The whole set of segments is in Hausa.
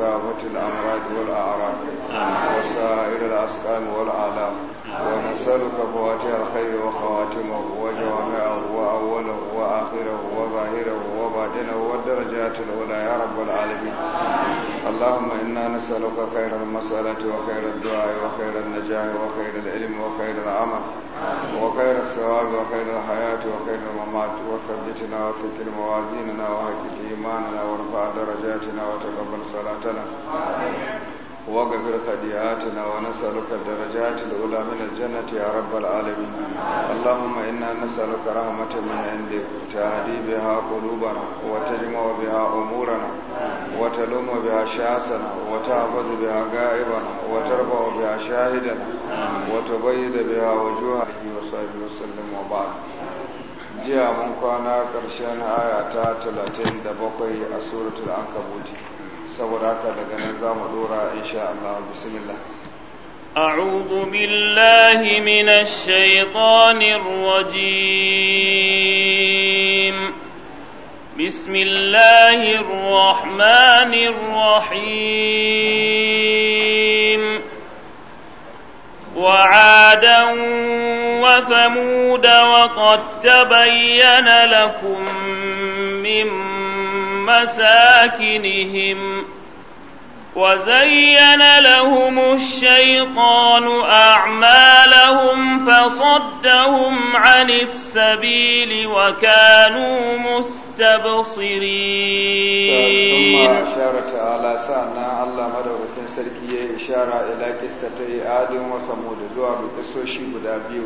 ومكافة الأمراض والأعراض وسائر الأسقام والآلام ونسألك فواتح الخير وخواتمه وجوامعه وأوله وآخره وظاهره وباطنه والدرجات الأولى يا رب العالمين اللهم إنا نسألك خير المسألة وخير الدعاء وخير النجاة وخير العلم وخير العمل وخير الثواب وخير الحياة وخير الممات وثبتنا وثقل موازيننا وهكذا إيماننا وارفع درجاتنا وتقبل صلاتنا آمين. واغفر خطيئاتنا ونسألك الدرجات الأولى من الجنة يا رب العالمين اللهم إنا نسألك رحمة من عندك تهدي بها قلوبنا وتجمع بها أمورنا وتلوم بها شاسنا وتحفظ بها غائبنا وتربع بها شاهدنا وتبيد بها وجوهنا وصحبه وسلم وبعد جاء من kwana ƙarshen aya ta 37 أسورة suratul saboda haka daga nan za mu dora insha Allah bismillah أعوذ بالله من الشيطان الرجيم بسم الله الرحمن الرحيم وعادا وثمود وقد تبين لكم من مساكنهم وزين لهم الشيطان أعمالهم فصدهم عن السبيل وكانوا مستبصرين ثم أشار تعالى سأنا الله مدعوكم سركية إشارة إلى قصة آدم وثمود زوا بقصة شيب دابيو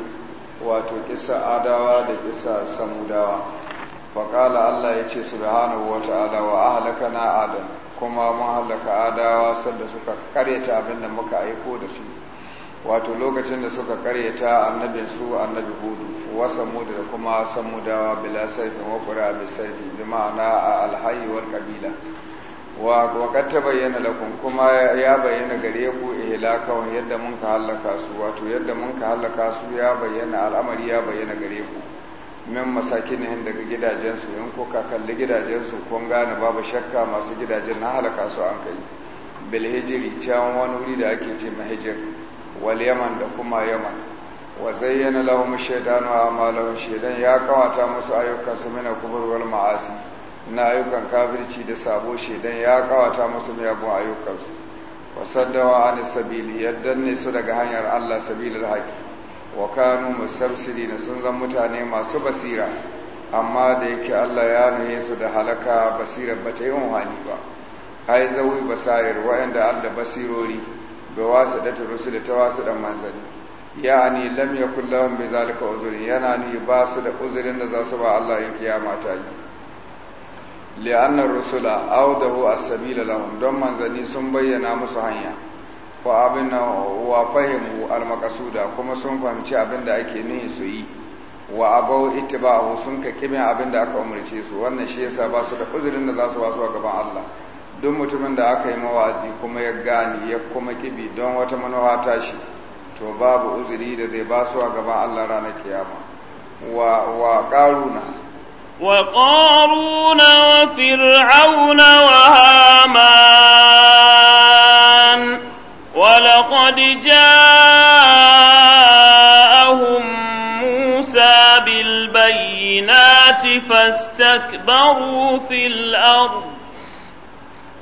wato kisa adawa da kisa samudawa faƙala Allah ya ce subhanahu wa ta'ala wa ahlakana adam kuma mun halaka adawa sadda suka karyata abin da muka aiko da su wato lokacin da suka karyata annabin su annabi hudu wasa mudu da kuma samudawa bila sarfin wa bi sarfi bi ma'ana a alhayy wal qabila ta bayyana tabayyana kuma ya bayyana gare ku ihlakaw yadda mun ka halaka su wato yadda mun ka halaka su ya bayyana al'amari ya bayyana gare ku min masakinihin daga gidajensu in ko ka kalli gidajensu kun gane babu shakka masu gidajen na halaka su an kai bil can wani wuri da ake ce mahijir wal yaman da kuma yaman wa zayyana lahum shaytanu a'malahum shaytan ya kawata musu ayyukan su mina kubur wal ma'asi na ayyukan kafirci da sabo shaytan ya kawata musu miyagun ayyukan su wa saddawa an sabili yaddan ne su daga hanyar Allah sabilul haqi wa kanu musabsiri na sun zan mutane masu basira amma da yake Allah ya nuhe su da halaka basirar ba ta yi unhani ba ai zawi basair wa'anda Allah basirori ba wasu da ta rusu da ta wasu da ya ni lam yakul lahum bai zalika uzuri yana ni ba su da uzurin da za su ba Allah in kiyama ta yi li'anna rusula awdahu as-sabila lahum don manzani sun bayyana musu hanya ko abin wa fahimu almakasuda kuma sun fahimci abin da ake nuni su yi wa abau ittiba'u sun ka kime abin da aka umarce su wannan shi yasa ba su da uzurin da za su wasu a gaban Allah duk mutumin da aka yi mawazi kuma ya gani ya kuma kibi don wata manufa ta shi to babu uzuri da zai ba su a gaban Allah ranar kiyama wa wa qaruna firauna wa haman ولقد جاءهم موسى بالبينات فاستكبروا في الأرض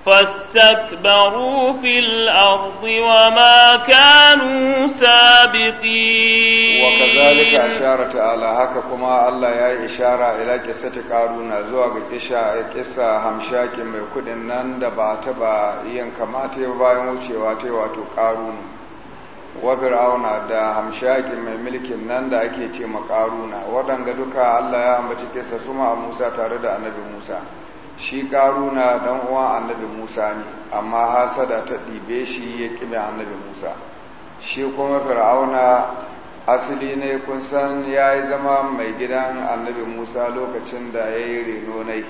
فاستكبروا في الأرض وما كانوا سابقين وكذلك أشار تعالى هكما الله يا إشارة إلى قصة قارون زوغ إشاء قصة همشاك ميكود النند باتبا ينكماتي وبايموشي واتي واتو قارون وفرعون دا همشاك ميملك النند nan da ake ce makaruna waɗanga duka Allah ya ambaci موسى suma a Musa shi karuna dan uwan annabi musa ne amma hasada ta ɗibe shi ya ƙime annabi musa shi kuma fir'auna asali ne kun san ya yi zama mai gidan annabi musa lokacin da ya yi reno nai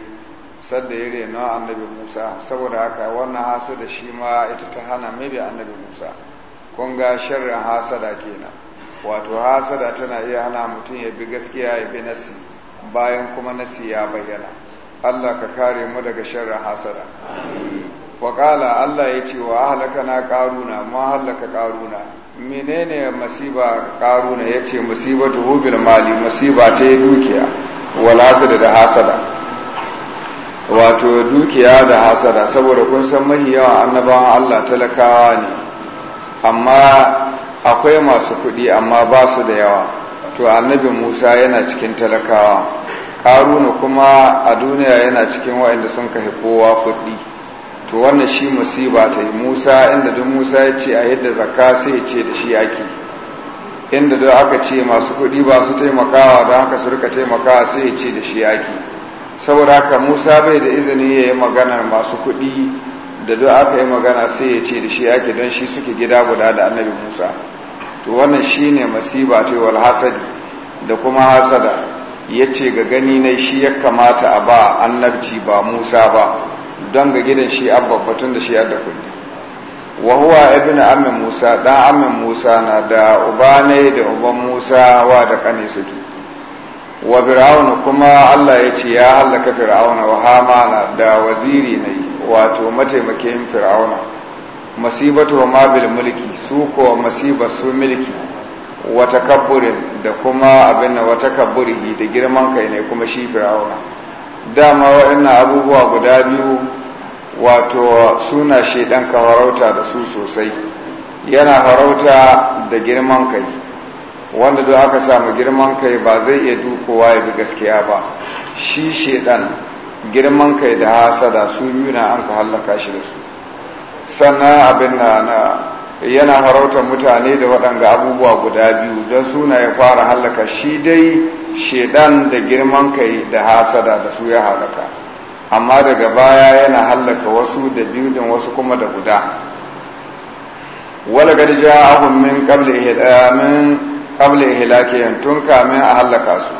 sadda ya reno annabi musa saboda haka wannan hasada shi ma ita ta hana mai annabi musa kun ga shirin hasada kenan wato hasada tana iya hana mutum ya bi gaskiya ya bi nasi bayan kuma nasi ya bayyana Allah ka kare mu daga sharrin hasada waƙala Allah ya ce wa halaka na ƙaruna ma halaka ƙaruna menene masiba ƙaruna ya ce masiba ta mali masiba ta yi dukiya wala da hasada wato dukiya da hasada saboda kun san mahi yawan annabawan Allah talakawa ne amma akwai masu kuɗi amma ba su da yawa to annabi Musa yana cikin talakawa karuna kuma a duniya yana cikin wa'anda sun kahi kowa kuɗi to wannan shi musiba ta yi musa inda duk musa ya ce a yadda zakka sai ya ce da shi ake inda duk aka ce masu kuɗi ba su taimakawa don haka su rika taimakawa sai ya ce da shi ake saboda haka musa bai da izini ya yi magana masu kuɗi da duk aka yi magana sai ya ce da shi ake don shi suke gida guda da annabi musa to wannan shine masiba ta yi hasadi da kuma hasada ya ce ga gani na shi ya kamata a ba annabci ba musa ba don ga gidan shi abba batun da shi ya da kuɗi wahuwa ibn amin musa ɗan amin musa na da uba da uban musa wa da kane suke wa fir'auna kuma allah ya ce ya hallaka fir'auna wa hamana da waziri ne wato mataimakin fir'auna masibatu ma bil mulki su ko masiba su mulki Wata kaburin da kuma abin da wata da girman kai ne kuma shi fir'auna dama waɗannan abubuwa guda biyu wato suna shaiɗan ka harauta da su sosai yana harauta da girman kai wanda duk aka samu girman kai ba zai iya dukowa ya bi gaskiya ba shi shedan girman kai da hasada su biyu na an ka hallaka shi da su sannan abin na yana harautar mutane da waɗanga abubuwa guda biyu don suna ya fara hallaka shi dai shedan da girman kai da hasada da su ya halaka amma daga baya yana halaka wasu da biyu din wasu kuma da guda wala gadi ja abun min kabla ihlakiyan tun kamin a halaka su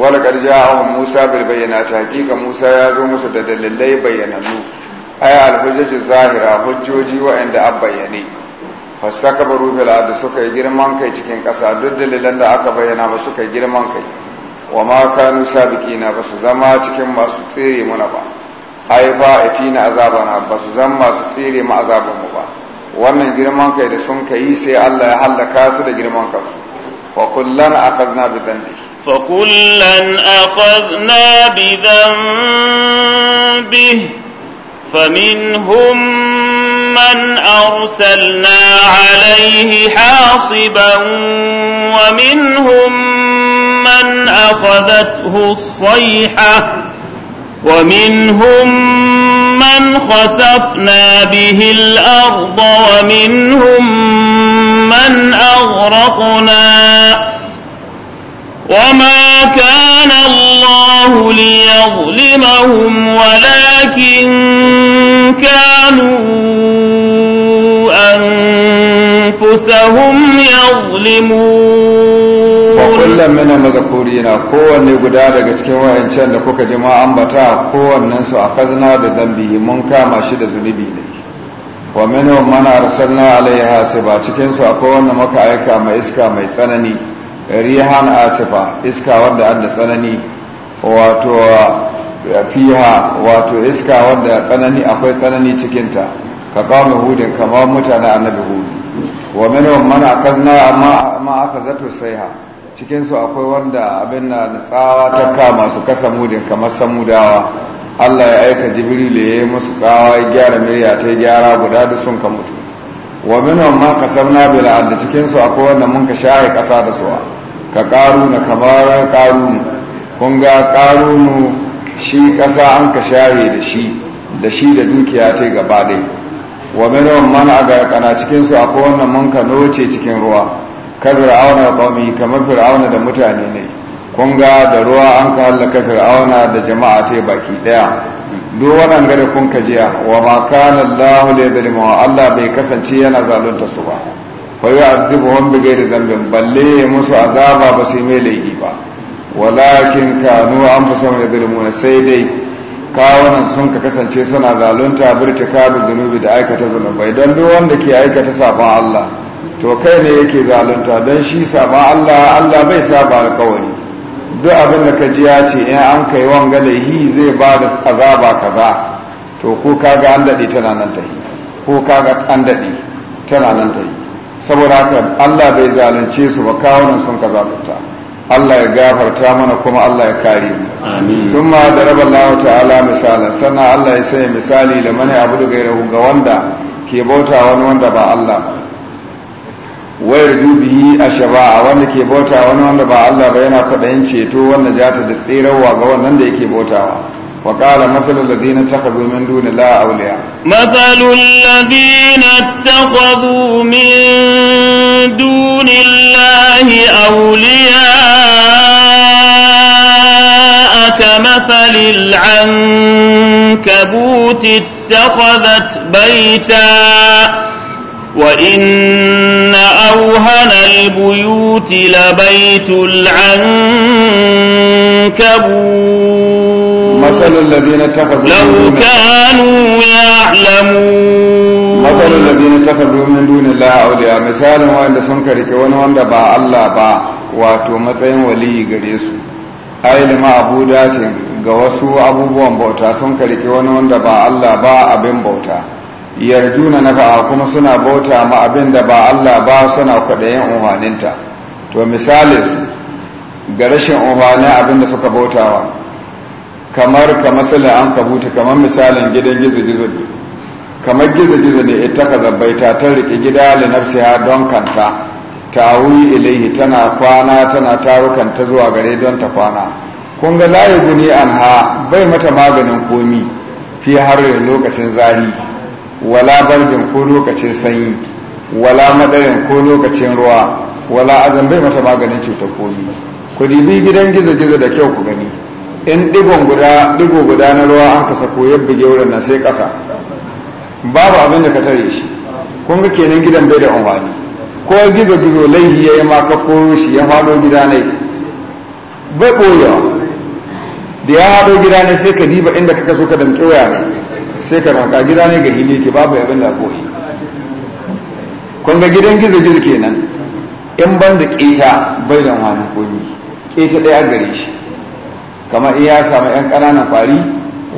wala gadi ja abun musa bil bayyana ta hakika musa ya zo musu da dalilai bayyanannu aya alhujjatu zahira hujjoji wa'anda a bayyane fasaka baru da suka yi girman kai cikin ƙasa duk dalilan da aka bayyana ba suka yi girman kai wa ma kanu sabiqina ba su zama cikin masu tsere muna ba ai ba itina azabana ba su zama masu tsere mu azaban mu ba wannan girman kai da sun kai sai Allah ya hallaka su da girman kansu Fa kullan akhadna bi dhanbihi bi أخذنا بذنبه من أرسلنا عليه حاصبا ومنهم من أخذته الصيحة ومنهم من خسفنا به الأرض ومنهم من أغرقنا وما كان الله ليظلمهم ولكن كانوا وأنفسهم يظلمون na من المذكورين kowanne guda daga cikin wayancan da kuka ji ma ambata kowannen su akazna da zambi mun kama shi da zunubi ne wa minhum man arsalna alaiha hasiba cikin su akwai wanda muka aika mai iska mai tsanani rihan asifa iska wanda an tsanani fiha wato iska wanda tsanani akwai tsanani cikinta ka mu hudin kamar mutane annabi hudu wa minhum man akazna ma akazatu sayha cikin su akwai wanda abin na tsawa ta kama su kasa mudin kamar samudawa Allah ya aika jibril ya yi musu tsawa ya gyara murya ta gyara guda da sun ka mutu wa minhum ma kasamna bil ad cikin su akwai wanda mun ka shaye kasa da suwa ka na kamar karunu kun ga karunu shi kasa an ka shaye da shi da shi da dukiya ta gaba ɗaya wa minhum man agarqana a cikinsu a wannan manka noce cikin ruwa kar fir'auna kwami kamar fir'auna da mutane ne kun ga da ruwa an ka hallaka fir'auna da jama'a ta baki daya duk wannan gare kun ka jiya wa ma kana Allahu yadhlimu Allah bai kasance yana zalunta su ba fa yu'adhibuhum bi da dhanbin balle musu azaba ba sai mai laifi ba walakin kanu anfusahum yadhlimuna sai dai kawunan sun ka kasance suna zalunta birta da zunubi da aikata zunubai don duk wanda ke aikata sabon Allah to kai ne yake zalunta don shi sabon Allah Allah bai saba alkawari duk abin da ka ji ya ce in eh, an kai wanga laihi zai ba da azaba kaza to ko kaga an daɗe tana nan ta yi ko kaga an daɗe tana nan ta yi saboda haka Allah bai zalunce su ba kawunan sun ka zalunta Allah ya gafarta mana kuma Allah ya kare mu sun ma da rabar Allah ta'ala misalan sannan Allah ya sai misali da mani abu da gairahu ga wanda ke bauta wani wanda ba Allah wayar dubihi a shaba'a wanda ke bauta wani wanda ba Allah ba yana kwaɗayin ceto wanda jata da tsirarwa ga wannan da yake bautawa وقال مثل الذين اتخذوا من دون الله أولياء مثل الذين اتخذوا من دون الله أولياء كمثل العنكبوت اتخذت بيتا وإن أوهن البيوت لبيت العنكبوت مثل الذين اتخذوا لو كانوا يعلمون مثل الذين اتخذوا من دون الله sun مثال wani wanda ba با الله با واتو مثلا ولي قريسو أي لما abu داتن ga wasu abubuwan bauta sun karki wani wanda ba Allah ba abin bauta yarjuna na ba'a kuma suna bauta ma abin da ba Allah ba suna kwaɗayin umarninta to misali ga rashin umarnin abin da suka bautawa kamar ka masalin an kabuta kamar misalin gidan gizo-gizo ne kamar gizo-gizo ne ita ka zabbai ta riƙe gida da ha don kanta ta wuyi ilaihi tana kwana tana tarukan ta zuwa gare don ta kwana kun ga layi guni an ha bai mata maganin komi fi harin lokacin zahi wala bargin ko lokacin sanyi wala madarin ko lokacin ruwa wala azan bai mata maganin cutar komi ku dibi gidan gizo-gizo da kyau ku gani in digon guda digo guda na ruwa an kasa koyar buge wurin nan sai ƙasa babu abin da ka tare shi kun ga kenan gidan bai da amfani ko gizo gizo laihi ya yi maka ka koyo shi ya faɗo gida ne bai ɓoyewa da ya haɗo gida ne sai ka diba inda kaka so ka damƙe waya ne sai ka ranka gida ne ga hili ke babu abin da koyi kun ga gidan gizo gizo kenan in ban da ƙeta bai da amfani ni ƙeta ɗaya gare shi kamar iya samu 'yan ƙananan kwari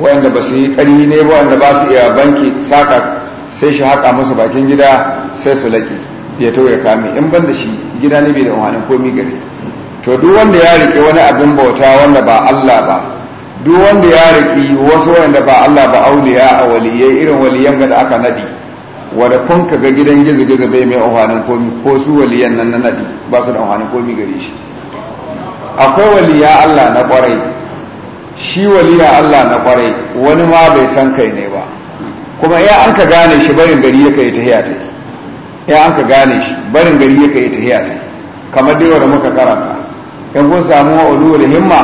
wanda ba su yi ƙari ne ba wanda ba su iya banki saka sai shi haƙa musu bakin gida sai su laƙi ya to ya kame in ban da shi gida ne bai da umarnin komi gari to duk wanda ya riƙe wani abin bauta wanda ba Allah ba duk wanda ya riƙe wasu wanda ba Allah ba auliya a waliyai irin waliyan da aka naɗi wanda kun ka ga gidan gizo-gizo bai mai umarnin komi ko su waliyan nan na naɗi ba su da umarnin komi gare shi akwai waliya Allah na ƙwarai shi waliya Allah na kwarai wani ma bai san kai ne ba kuma ya an ka gane shi barin gari ya kai tahiya ta ya an ka gane shi barin gari ya kai tahiya ta kamar dai wanda muka karanta in kun samu wa'ulu himma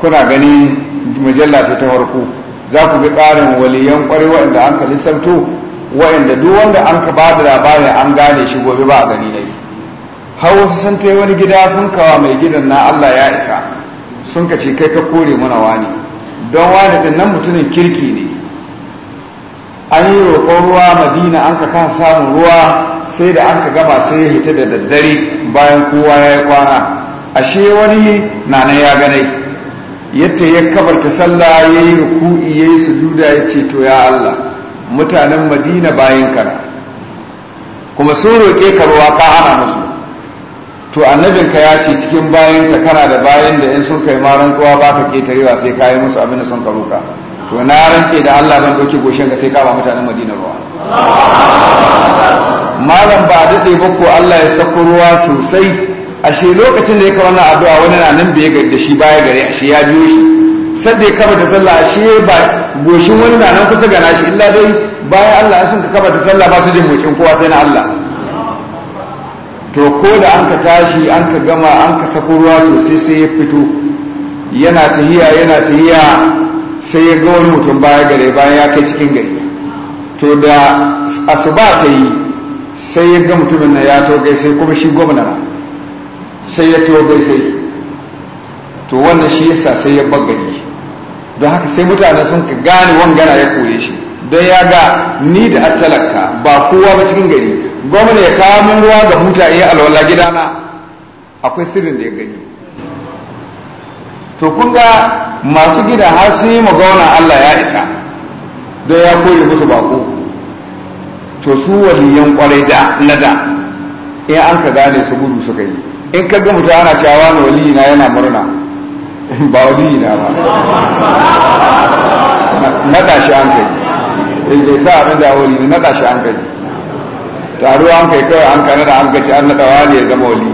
kuna gani mujalla ta ta farko za ku ga tsarin waliyan kwarai waɗanda an ka lissafto waɗanda duk wanda an ka bada labarin an gane shi gobe ba a gani ne har wasu sun ta wani gida sun kawa mai gidan na Allah ya isa sun ka ce kai ka kore mana wani don wani da nan mutumin kirki ne an yi roƙon ruwa madina an ka kan samun ruwa sai da an ka gama sai ya hita da daddare bayan kowa ya yi kwana ashe wani na nan ya ganai yadda ya kabarta sallah ya yi ruku'i ya yi sujuda ya ce to ya Allah mutanen madina bayan kana kuma sun roƙe ka ruwa ka hana musu to annabinka ya ce cikin bayan ka kana da bayan da in sun kai ma rantsuwa ba ka ketarewa sai ka yi musu abin da sun ka to na rantse da Allah ban doki goshen ka sai ka ba mutanen Madina ruwa malam ba daɗe ba ko Allah ya sako ruwa sosai ashe lokacin da yake wannan addu'a wani na nan bai ga da shi baya gare ashe ya biyo shi sai da ya kaba ta sallah ashe ba goshin wani na nan kusa ga nashi illa dai bayan Allah ya sun ka kaba ta sallah ba su jin mucin kowa sai na Allah to ko da an ka tashi an ka gama an ka sako ruwa sosai sai ya fito yana tahiya yana tahiya sai ya ga wani mutum baya gare bayan ya kai cikin gari to da asuba ta yi sai ya ga mutumin na ya togai sai kuma shi gwamna sai ya togai sai to wannan shi yasa sai ya bagari don haka sai mutane sun ka gane wangana ya kore shi don ya ga ni da talaka ba kowa ba cikin gari gwamna ya kawo min ruwa ga huta in alwala gidana akwai sirrin da ya gani to kun ga masu gida har sun yi magauna Allah ya isa don ya koyi musu bako to su waliyan kwarai da na da in an ka gane su gudu su yi in ka ga mutum ana cewa wani waliyi na yana murna ba waliyi na ba na shi an kai Eh, bai sa abin da wali na naɗa shi an gani taro an kai kawai an kana da an gaci an naɗa wali ya zama wali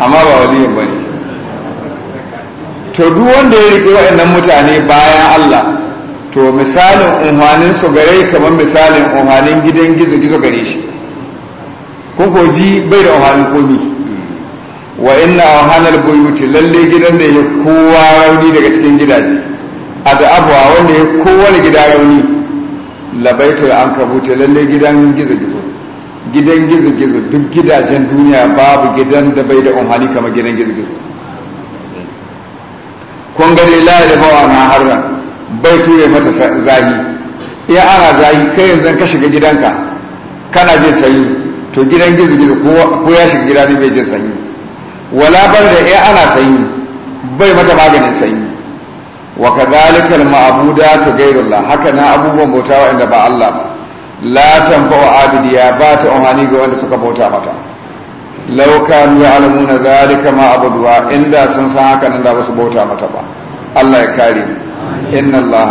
amma ba wali ba bane to duk wanda ya riƙe waɗannan mutane bayan Allah to misalin umarnin su gare kamar misalin umarnin gidan gizo-gizo gare shi kun koji bai da umarnin komi wa inna umarnar buyuti lalle gidan da ya kowa rauni daga cikin gidaje a da abuwa wanda ya kowane gida rauni labaitul an kabuta lalle gidan gizo-gizo gidan gizo-gizo duk gidajen duniya babu gidan da bai da umhani kama gidan gizo-gizo kun gane laye da bawa na harra bai ture mata zahi iya ana zahi kai yanzu ka shiga gidanka kana jin sanyi to gidan gizo-gizo ko ya shiga gida ne bai jin sanyi wala bar da iya ana sanyi bai mata maganin sanyi wa kadhalika al-ma'budatu ghayrullah haka na abubuwan bauta wanda ba Allah ba la tanfa'u abidiya ba ta amfani ga wanda suka bauta mata law kanu ya'lamuna dhalika ma abuduwa inda sun san haka nan da ba su bauta mata ba Allah ya kare inna Allah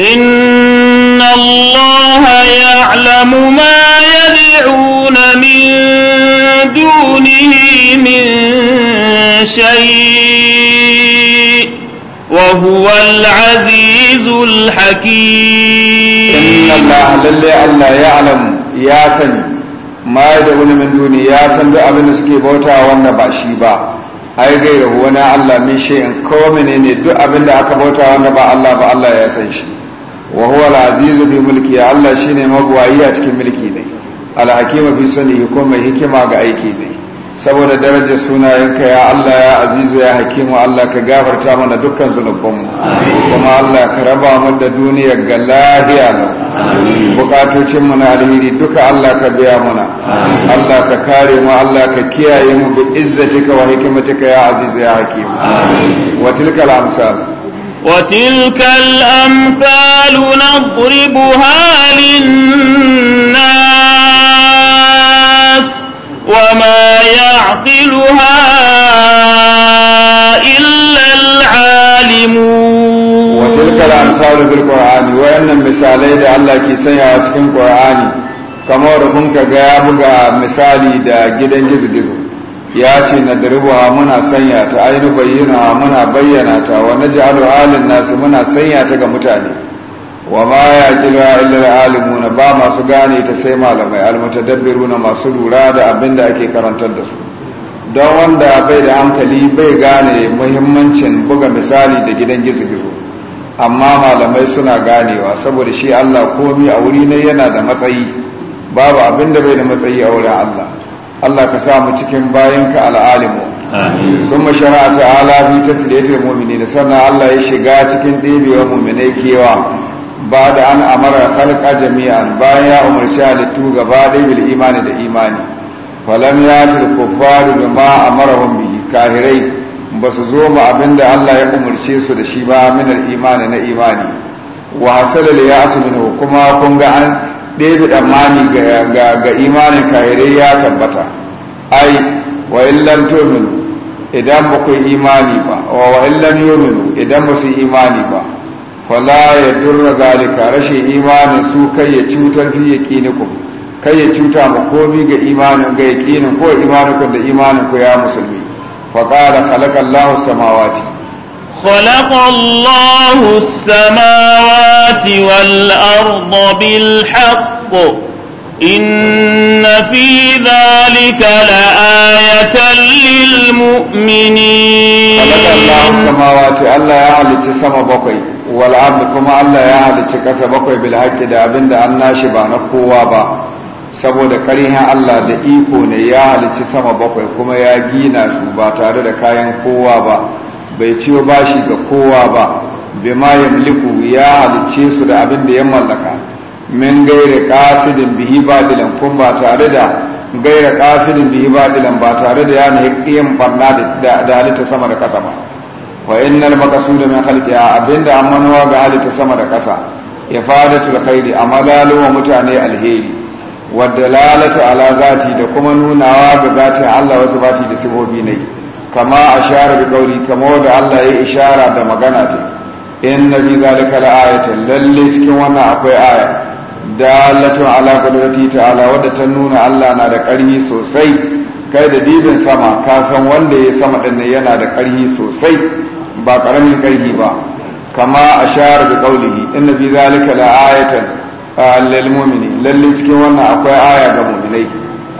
inna Allah ya'lamu ma yad'una min dunihi min shay' وهو العزيز الحكيم إن الله للي الله يعلم يا سن ما يدعون من دوني يا سن بأبن سكي بوتا وانا ko menene duk abin aka bauta wanda ba Allah ba Allah ya san shi wa huwa azizu bi mulki Allah shine magwayi a cikin mulki ne bi mai hikima ga aiki ne saboda darajar sunayenka ya Allah ya azizu ya hakimu Allah ka gafarta mana dukkan zunubanmu kuma Allah ka raba mu da duniyar ga lahiya bukatocin mu na alheri duka Allah ka biya mana Allah ka kare mu Allah ka kiyaye mu bi izzatika wa hikmatika ya azizu ya hakimu wa tilka al-amsal وتلك الأمثال نضربها للناس وما يعقلها إلا العالمون وتلك الأمثال بالقرآن وإن مثالي da Allah ke sanyawa cikin ƙur'ani, kamar rubun ka ga ya buga misali da gidan gizo-gizo ya ce na darbuwa muna sanya ta ainihin bayyana muna bayyana ta wa na ji alin nasu muna sanya ta ga mutane wa ma ya jira illa alimuna ba masu gane ta sai malamai almutadabbiruna masu lura da abin da ake karantar da su don wanda bai da hankali bai gane muhimmancin buga misali da gidan gizo-gizo amma malamai suna ganewa saboda shi Allah komi a wuri ne yana da matsayi babu abin da bai da matsayi a wurin Allah Allah ka sa mu cikin bayanka al'alimu sun mashara ta'ala fi mumini da sannan Allah ya shiga cikin ɗibiyar mu'minai kewa ba da an amara halka jami'an bayan ya umarci halittu gaba da bil imani da imani falam ya tilkufaru da ma amara bihi kahirai ba su zo ma abin da Allah ya umarce su da shi ba minar imani na imani wa hasala ya asibinu kuma kun ga an ɗebi ɗamani ga imanin kahirai ya tabbata ai wa illan tominu idan ba ku imani ba wa illan yominu idan ba su imani ba fala ya durra zalika rashin imanin su kai ya cutar fi yaqinikum kai ya cuta mu komi ga imanin ga yaqinin ko imanukum da imanin ku ya musulmi fa qala khalaqa Allahu samawati خلق الله السماوات والأرض بالحق إن في ذلك لآية للمؤمنين خلق الله السماوات الله يعلم تسمى بقي wal'ad kuma Allah ya halicci kasa bakwai bilhaki da abin da an nashi ba na kowa ba saboda ƙarihin Allah da iko ne ya halicci sama bakwai kuma ya gina su ba tare da kayan kowa ba bai ba bashi ga kowa ba bima ya halicce su da abin da ya mallaka min gaira qasidin bihi kun ba tare da gaira qasidin bihi ba tare da ya nahi yin barna da halitta sama da kasa ba wa innal maqsuda min a abinda amanuwa ga halitta sama da ƙasa ifadatul khairi amalalu wa mutane alheri wa dalalatu ala zati da kuma nunawa ga zati Allah wasu bati da sibobi ne kama ashara bi qawli kama da Allah ya ishara da magana ta inna bi zalika la ayatan lalle cikin wannan akwai aya dalatu ala qudrati ta'ala wadda ta nuna Allah na da ƙarfi sosai kai da dibin sama ka san wanda ya sama din yana da ƙarfi sosai ba karamin ƙarfi ba kama a shahar da ƙaunihi inna fi zalika la ayatan lil mu'mini lalle cikin wannan akwai aya ga mu'minai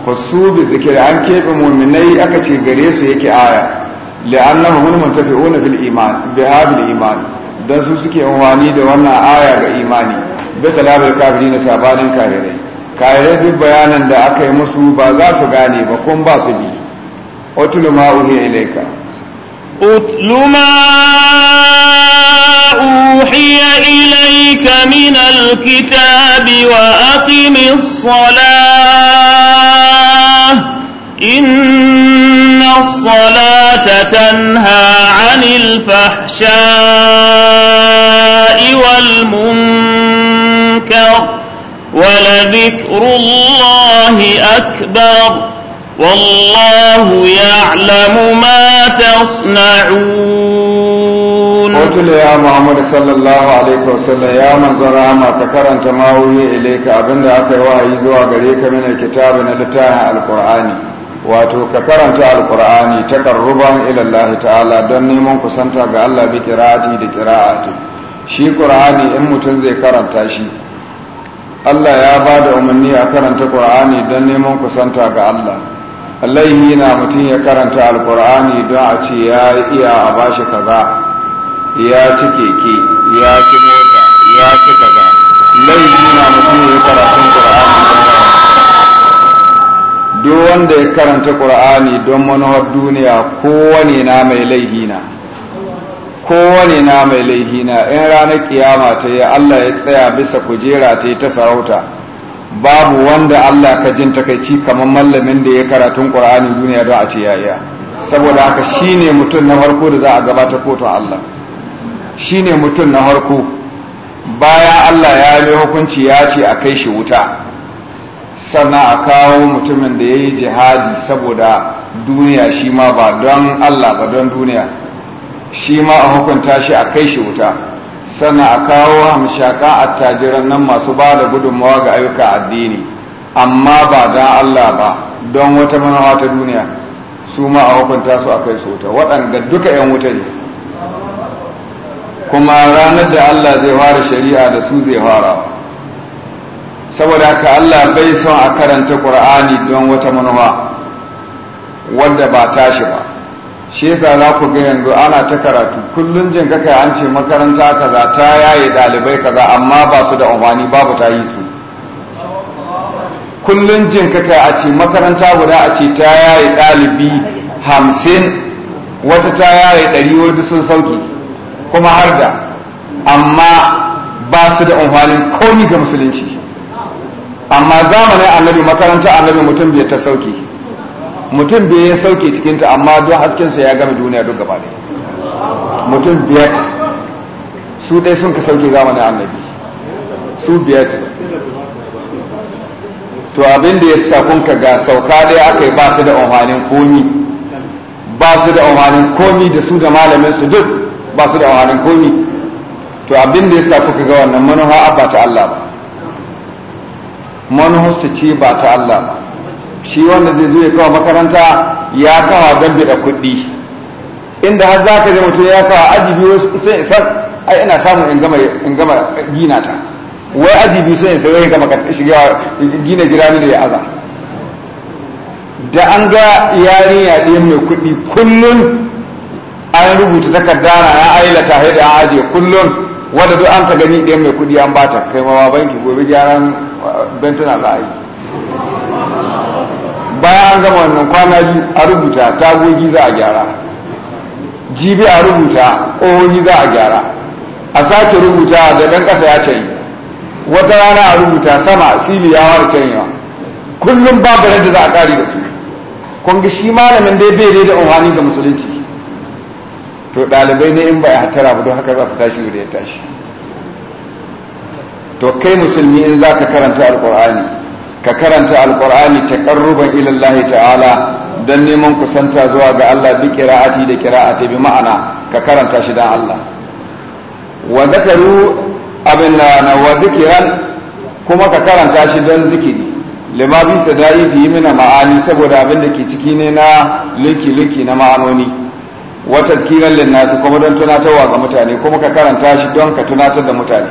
khusubi zikir an keɓe mu'minai aka ce gare su yake aya li'annahu hum muntafi'una fil iman bi hadhihi iman dan su suke wani da wannan aya ga imani bi talabul kafirin sabanin kafirai kayare duk bayanan da aka yi musu ba za su gane ba kun ba su bi otulu ma uhi ilaika otulu ma uhi ilaika min alkitabi wa aqimi salah inna salata tanha anil fahsha'i wal munkar ولذكر الله أكبر والله يعلم ما تصنعون قلت يا محمد صلى الله عليه وسلم يا من زرع ما تكرن تماوي إليك أبن دعك وعيزوا غريك من الكتاب نلتاها القرآن wato ka karanta alkur'ani takarruban ila Allah ta'ala don neman kusanta ga Allah bi qira'ati da qira'ati shi qur'ani in mutum zai karanta shi Allah ya ba da umarni a karanta Qur'ani don neman kusanta ga Allah laihi na mutum ya karanta alkur'ani don a ce ya iya a bashi kaza ya ci keke ya ci mota ya ci kaza laihi na mutum ya karatun qur'ani duk wanda ya karanta qur'ani don manuwar duniya kowane na mai laihi na kowane na mai laihina na in ranar kiyama ta yi Allah ya tsaya bisa kujera ta yi ta sarauta babu wanda Allah ka jin takaici kamar mallamin da ya karatun Qur'anin duniya don a ce yaya saboda haka shi ne mutum na farko da za a gabata kotun Allah shi ne mutum na farko baya Allah ya yi hukunci ya ce a kai shi wuta sannan a kawo mutumin da ya yi jihadi saboda duniya shi ma ba don Allah ba don duniya shi ma a hukunta shi a kai shi wuta sannan a kawo hamshaka tajiran nan masu ba da gudunmawa ga ayyuka addini amma ba don Allah ba don wata manawa ta duniya su ma a hukunta su a kai su wuta waɗanda duka 'yan wuta ne kuma ranar da Allah zai fara shari'a da su zai fara saboda haka Allah bai son a karanta Kur'ani don wata manawa wadda ba tashi ba shi yasa za ku ga yanzu ana ta karatu kullum jin kai an ce makaranta kaza ta yaye dalibai kaza amma ba su da umarni babu ta yi su kullum jin kai a ce makaranta guda a ce ta yaye dalibi hamsin wata ta yaye ɗari wadda sun sauki kuma har da amma ba su da umarni komi ga musulunci amma zamanin annabi makaranta annabi mutum bai ta sauki mutum biyu ya sauke cikinta amma don haskensa ya gama duniya duk gaba mutum biyar su ɗaya sun ka sauke zamanin annabi su biyar to abin da ya sa ka ga sauka dai aka yi ba su da amfanin komi ba su da amfanin komi da su da malamin su duk ba su da amfanin komi to abin da ya sa kuka ga wannan manuha ba ta Allah ba manuhar su ce ba ta Allah ba shi wanda zai zo ya kawo makaranta ya kawo don da kuɗi inda har za ka zai mutum ya kawo aji biyu sai isa ai ina samun in gama gina ta wai aji biyu sai isa wai gama shiga gina gida ne ya aza da an ga yarinya ɗaya mai kuɗi kullum an rubuta takarda na ya ailata hai da aje kullum wanda duk an ta gani ɗaya mai kuɗi an bata kai ma banki gobe gyaran uh, bentuna za a yi bayan an gama wannan kwana biyu a rubuta tagogi za a gyara jibi a rubuta ƙohohi za a gyara a sake rubuta da ɗan ƙasa ya canyi wata rana a rubuta sama sili ya wara canyewa kullum babu da za a ƙari da su kun shi malamin dai bai da umarni ga musulunci to ɗalibai ne in ba ya hatara ba don haka za su tashi wuri ya tashi to kai musulmi in za ka karanta alƙur'ani ka karanta alqur'ani ta ila ilallahi ta'ala dan neman kusanta zuwa ga Allah bi qira'ati da qira'ati bi ma'ana ka karanta shi dan Allah wa zakaru abin na wa zikran kuma ka karanta shi dan zikiri lima bi tadari fi min ma'ani saboda abin da ke ciki ne na likiliki liki na ma'anoni wa tazkiran linnasi kuma don tunatarwa ga mutane kuma ka karanta shi don ka tunatar da mutane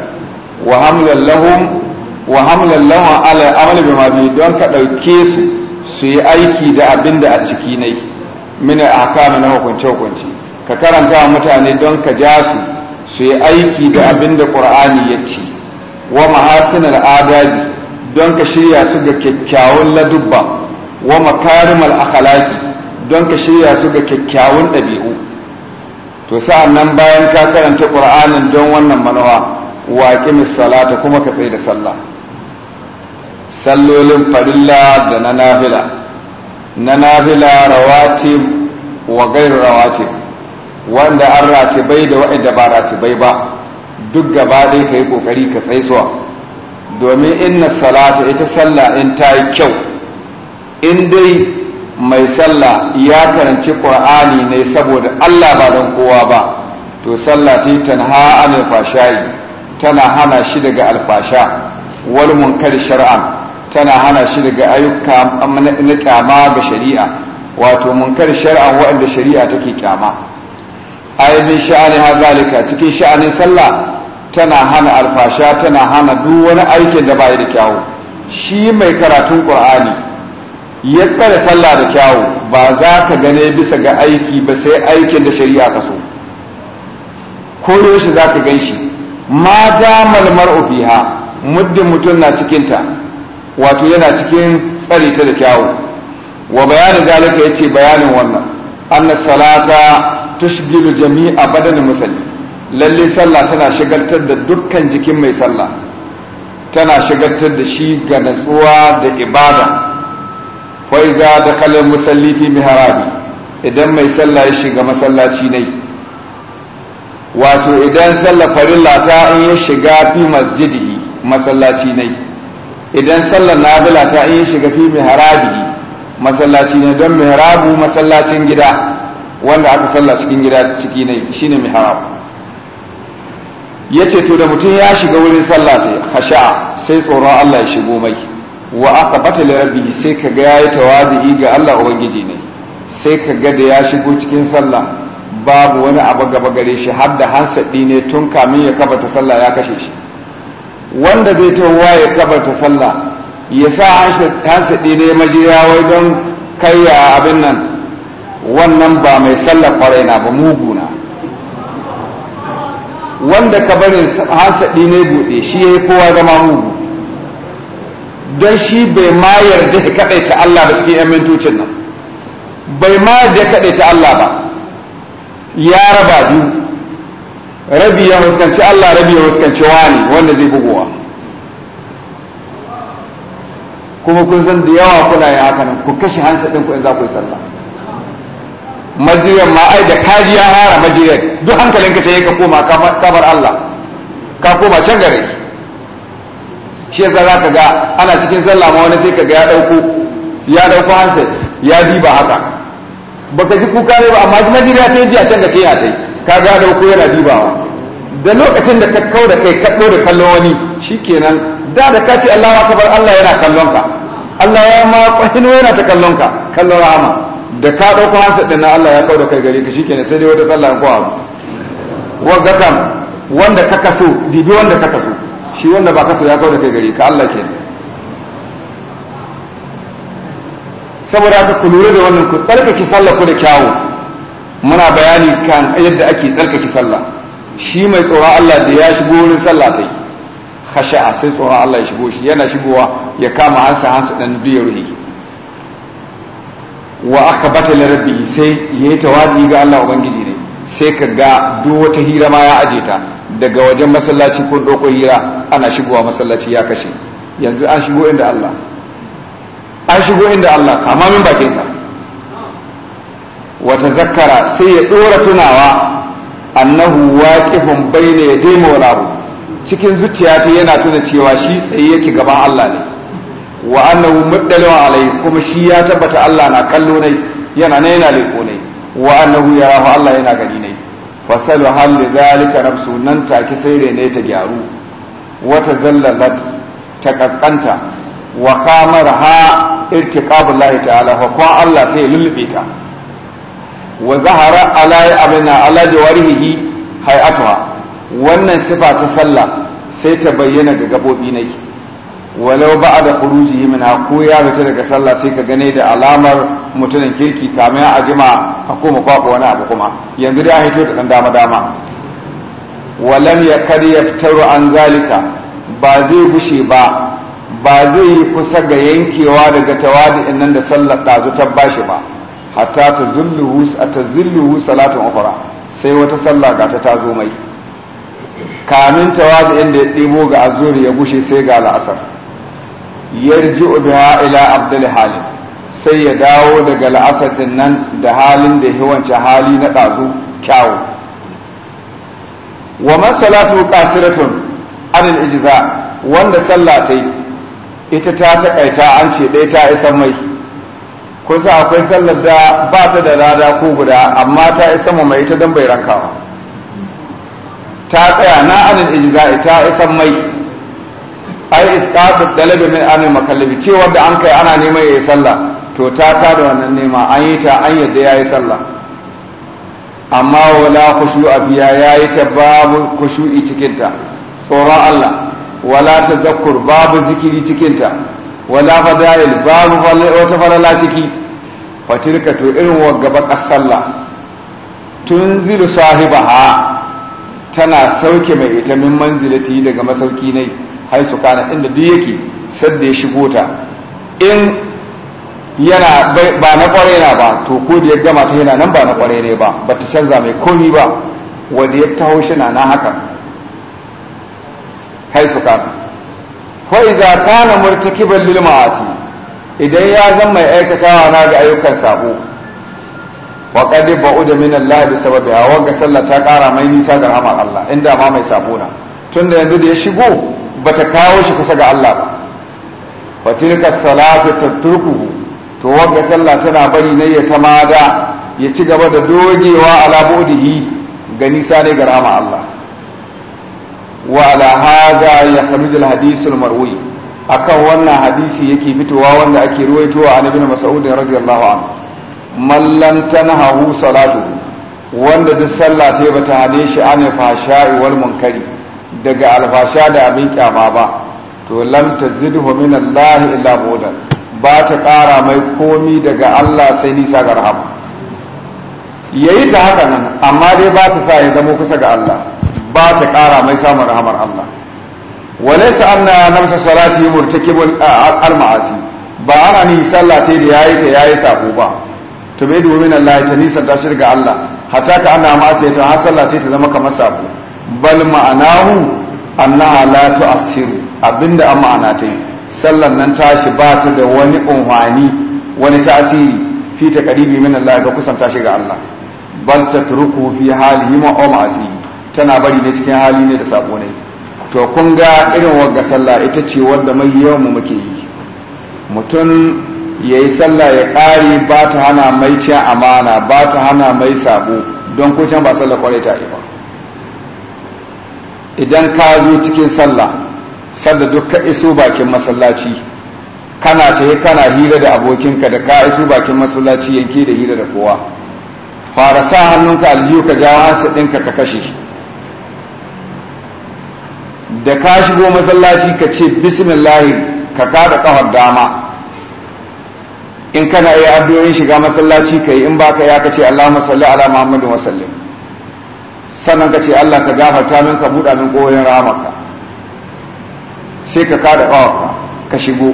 wa hamlan lahum wa hamlan lahu ala bi ma bi don ka dauke su su yi aiki da abin a ciki ne min ahkam na hukunce hukunci ka karanta mutane don ka ja su su yi aiki da abinda da qur'ani ya ci wa mahasin adabi don ka shirya su ga kyakkyawan ladubba wa makarim al-akhlaqi don ka shirya su ga kyakkyawan dabi'u to sa'annan nan bayan ka karanta qur'anin don wannan manawa wa salata kuma ka tsaye da sallah sallolin farilla da na nafila na nafila rawati wa gairu rawati wanda an ratibai da waɗanda ba ratibai ba duk gaba dai ka yi ƙoƙari ka suwa domin inna salata ita sallah in ta yi kyau in dai mai sallah ya karanci ƙur'ani ne saboda allah ba don kowa ba to sallah ta tanha anil fashayi tana hana shi daga alfasha wal munkar shar'an tana hana shi daga ayyuka na kyama ga shari'a wato munkar shari'a waɗanda shari'a take kyama ayyukan sha'ani ha zalika cikin sha'anin sallah tana hana alfasha tana hana duk wani aikin da bai da kyawu shi mai karatun qur'ani ya tsare sallah da kyawu ba za ka gane bisa ga aiki ba sai aikin da shari'a ka so ko yaushe za ka gan shi ma damal mar'u fiha muddin mutum na cikinta wato yana cikin tsare ta da kyawu wa bayanin zalika ce bayanin wannan anna salata tushgilu jami'a badani musalli lalle sallah tana shigartar da dukkan jikin mai sallah tana shigartar da shi ga natsuwa da ibada fa da dakhala musalli fi mihrabi idan mai sallah ya shiga masallaci ne wato idan sallah farilla ta in ya shiga fi masjidi masallaci ne idan sallar nafila ta yi shiga fi mihrabi masallaci ne don mihrabu masallacin gida wanda aka salla cikin gida ciki ne shine mihrab yace to da mutum ya shiga wurin sallah ta hasha sai tsoron Allah ya shigo mai wa aka bata li rabbi sai ka ga yayi tawadi ga Allah ubangiji ne sai ka ga da ya shigo cikin sallah babu wani abu gaba gare shi har da hansa ne tun kamin ya kabata sallah ya kashe shi wanda zai ta wa ya kabarta sallah ya sa hansaɗi ne majiya wai don kai abin nan wannan ba mai sallar kwarai na ba muguna wanda ka bari hansaɗi ne buɗe shi ya yi kowa zama mugu don shi bai ma yarda ya kaɗaita Allah ba cikin 'yan mintocin nan bai ma yarda ya ta Allah ba ya raba biyu rabi ya huskanci Allah rabi ya huskanci wani wanda zai bugowa kuma kun san da yawa kuna yi haka nan ku kashe hansa ɗin ku in za ku yi sallah majiyar ma ai da kaji ya hara majiyar duk hankalin ka sai ka koma kabar Allah ka koma can gare shi yasa za ka ga ana cikin sallah ma wani sai ka ga ya ɗauko ya ɗauko hansa ya diba haka baka ji kuka ne ba amma majiyar ta yi a can da ke ya ta yi ka ga dauko yana dubawa da lokacin da ka kau da kai ka da kallon wani shikenan da da ka ce Allahu akbar Allah yana kallon ka Allah ya ma kwahino yana ta kallon ka kallon rahama da ka dauko hansa din Allah ya kau da kai gare ka shikenan sai dai wata sallah ko abu wanda kam wanda ka kaso dibi wanda ka kaso shi wanda ba kaso ya kau da kai gare ka Allah kenan saboda ka ku da wannan ku tsarkake sallah ku da kyawu muna bayani kan yadda ake tsarkake sallah shi mai tsoron Allah da ya shigo wurin sallah sai khasha'a sai tsoron Allah ya shigo shi yana shigowa ya kama hansa hansa dan biyar ne wa akhbata li Rabbi sai yayi tawadi ga Allah ubangiji ne sai ka ga duk wata hira ma ya aje ta daga wajen masallaci ko doko hira ana shigowa masallaci ya kashe yanzu an shigo inda Allah an shigo inda Allah kama min bakin wata zakara sai ya ɗora tunawa annahu waqifun bayna yadayhi mawlahu cikin zuciya ta yana tuna cewa shi tsaye yake gaban Allah ne wa annahu muddalu alai kuma shi ya tabbata Allah na kallo ne yana ne yana leko ne wa annahu rafa Allah yana gani ne fa sal hal li zalika nafsu nan take sai da ne ta gyaru wa tazallalat ta kaskanta wa qamaraha irtiqabullahi ta'ala fa ko Allah sai lullube ta wa zahara ala abinna ala jawarihi hay'atuha wannan sifa ta sallah sai ta bayyana ga gabobi nake walau ba da khuruji min koya ya daga sallah sai ka gane da alamar mutumin kirki kamar a jima a koma kwakwa wani abu kuma yanzu dai a hito da dan dama dama walam ya yaftaru an zalika ba zai gushe ba ba zai yi kusa ga yankewa daga tawadi'in nan da sallar ɗazu ta bashi ba hatta ta zilluhu ta zilluhu salatun ukhra sai wata sallah ga ta tazo mai kamin ta tawazi inda ya ɗebo ga azuri ya gushe sai ga al'asar yarji'u biha ila abdul halin sai ya dawo daga la'asar din nan da halin da ya wance hali na ɗazu kyawu wa man salatu qasiratun anil ijza wanda sallah ita ta takaita an ce dai ta isa mai kun akwai sallar da ba ta da lada ko guda amma ta isa mu mai ta dan bai rakawa ta tsaya na anil ijza'i ta isa mai ai isqatu dalabi min anil makallabi ce da an kai ana neman yayi sallah to ta ta da wannan nema an yi ta an yadda yayi sallah amma wala khushu'a biya yayi ta babu khushu'i cikin ta tsoron Allah wala tazakkur babu zikiri cikin ta wala fadail babu wata falala ciki fatirka to irin wagaba kasalla tun zilu sahibaha tana sauke mai ita min manzilati daga masauki ne hai su kana inda duk yake sadda shigo ta in yana ba na kware na ba to ko da ya gama ta yana nan ba na kware ne ba ba ta canza mai komi ba wanda ya taho shi na na haka hai su kana fa'iza kana murtakiban lil ma'asi idan ya zan mai aikatawa na ga ayyukan sabo wa ba ba'uda min Allah da sababi a wanga sallah ta kara mai nisa ga rahmar Allah inda ma mai sabo na tunda yanzu da ya shigo ba ta kawo shi kusa ga Allah ba fa tilka salatu tatruku to wanga sallah tana bari ne ya tamada ya ci gaba da dogewa ala bu'dihi ga nisa ne ga rama Allah wa ala hadha ya al-hadith marwi akan wannan hadisi yake fitowa wanda ake ruwaitowa an ibn mas'ud radiyallahu anhu man lam tanhahu salatu wanda duk sallah sai bata hane shi an fahsha'i wal munkari daga alfasha da abin kyama ba to lam tazidhu min illa budan ba ta ƙara mai komi daga Allah sai nisa ga rahama yayi ta haka nan amma dai ba ta sa ya zama kusa ga Allah ba ta kara mai samun rahamar Allah walaysa anna namsa salati murtakibun al-ma'asi ba ana ni sallate da da yayi ta yayi sako ba to bai domin Allah ta nisan ta shirga Allah hatta ka ana ma'asi ta ha sallate ta zama kamar sako bal ma'anahu annaha la tu'assiru abinda an ma'ana ta yi, sallan nan tashi ba ta da wani umhani wani tasiri fi ta karibi min Allah ga kusanta shi ga Allah bal tatruku hali, halihi ma'asi tana bari ne cikin hali ne da sabo ne to kun ga irin wagga sallah ita ce wanda mai yawan mu muke yi mutum ya yi sallah ya ƙari ba ta hana mai cin amana ba ta hana mai sabo don ko can ba sallah kwarai ta ba idan ka zo cikin sallah sallah duk ka iso bakin masallaci kana ta yi kana hira da abokinka da ka iso bakin masallaci yanke da hira da kowa fara sa hannunka aljihu ka jawo hansa ɗinka ka kashe shi da ka shigo masallaci ka ce bismillah ka kada kafar dama in kana yi addu'o'in shiga masallaci ka yi in baka ya ka ce Allahumma salli ala Muhammad wa sallim sannan ka ce Allah ka gafarta min ka buɗa min koyon ramaka sai ka kada kafar ka shigo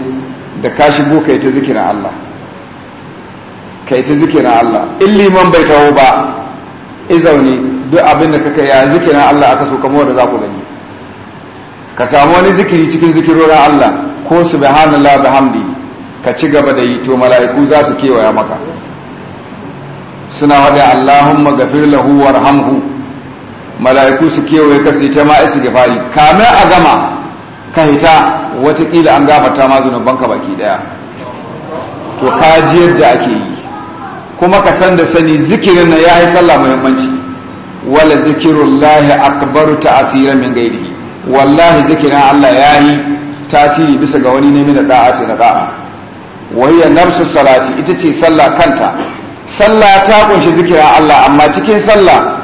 da ka shigo ka yi ta zikirin Allah ka yi ta zikirin Allah in liman bai taho ba izauni duk abin da kaka ya zikirin Allah aka so kamar da za ku gani ka samu wani zikiri cikin zikirorin Allah ko subhanallah bihamdi ka ci gaba da yi to mala'iku za su kewaya maka suna wada Allahumma gafir lahu warhamhu mala'iku su kewaye ka sai ta ma isi gafari kamar a gama ka hita watakila an gafarta ma banka baki daya to ka ji yadda ake yi kuma ka san da sani zikirin na yayi sallah muhimmanci wala zikrullahi akbaru ta'sira min ghairihi wallahi zikirin Allah ya yi tasiri bisa ga wani nemi na da'a ce na da'a wayya nafsu salati ita ce sallah kanta sallah ta kunshi zikirin Allah amma cikin sallah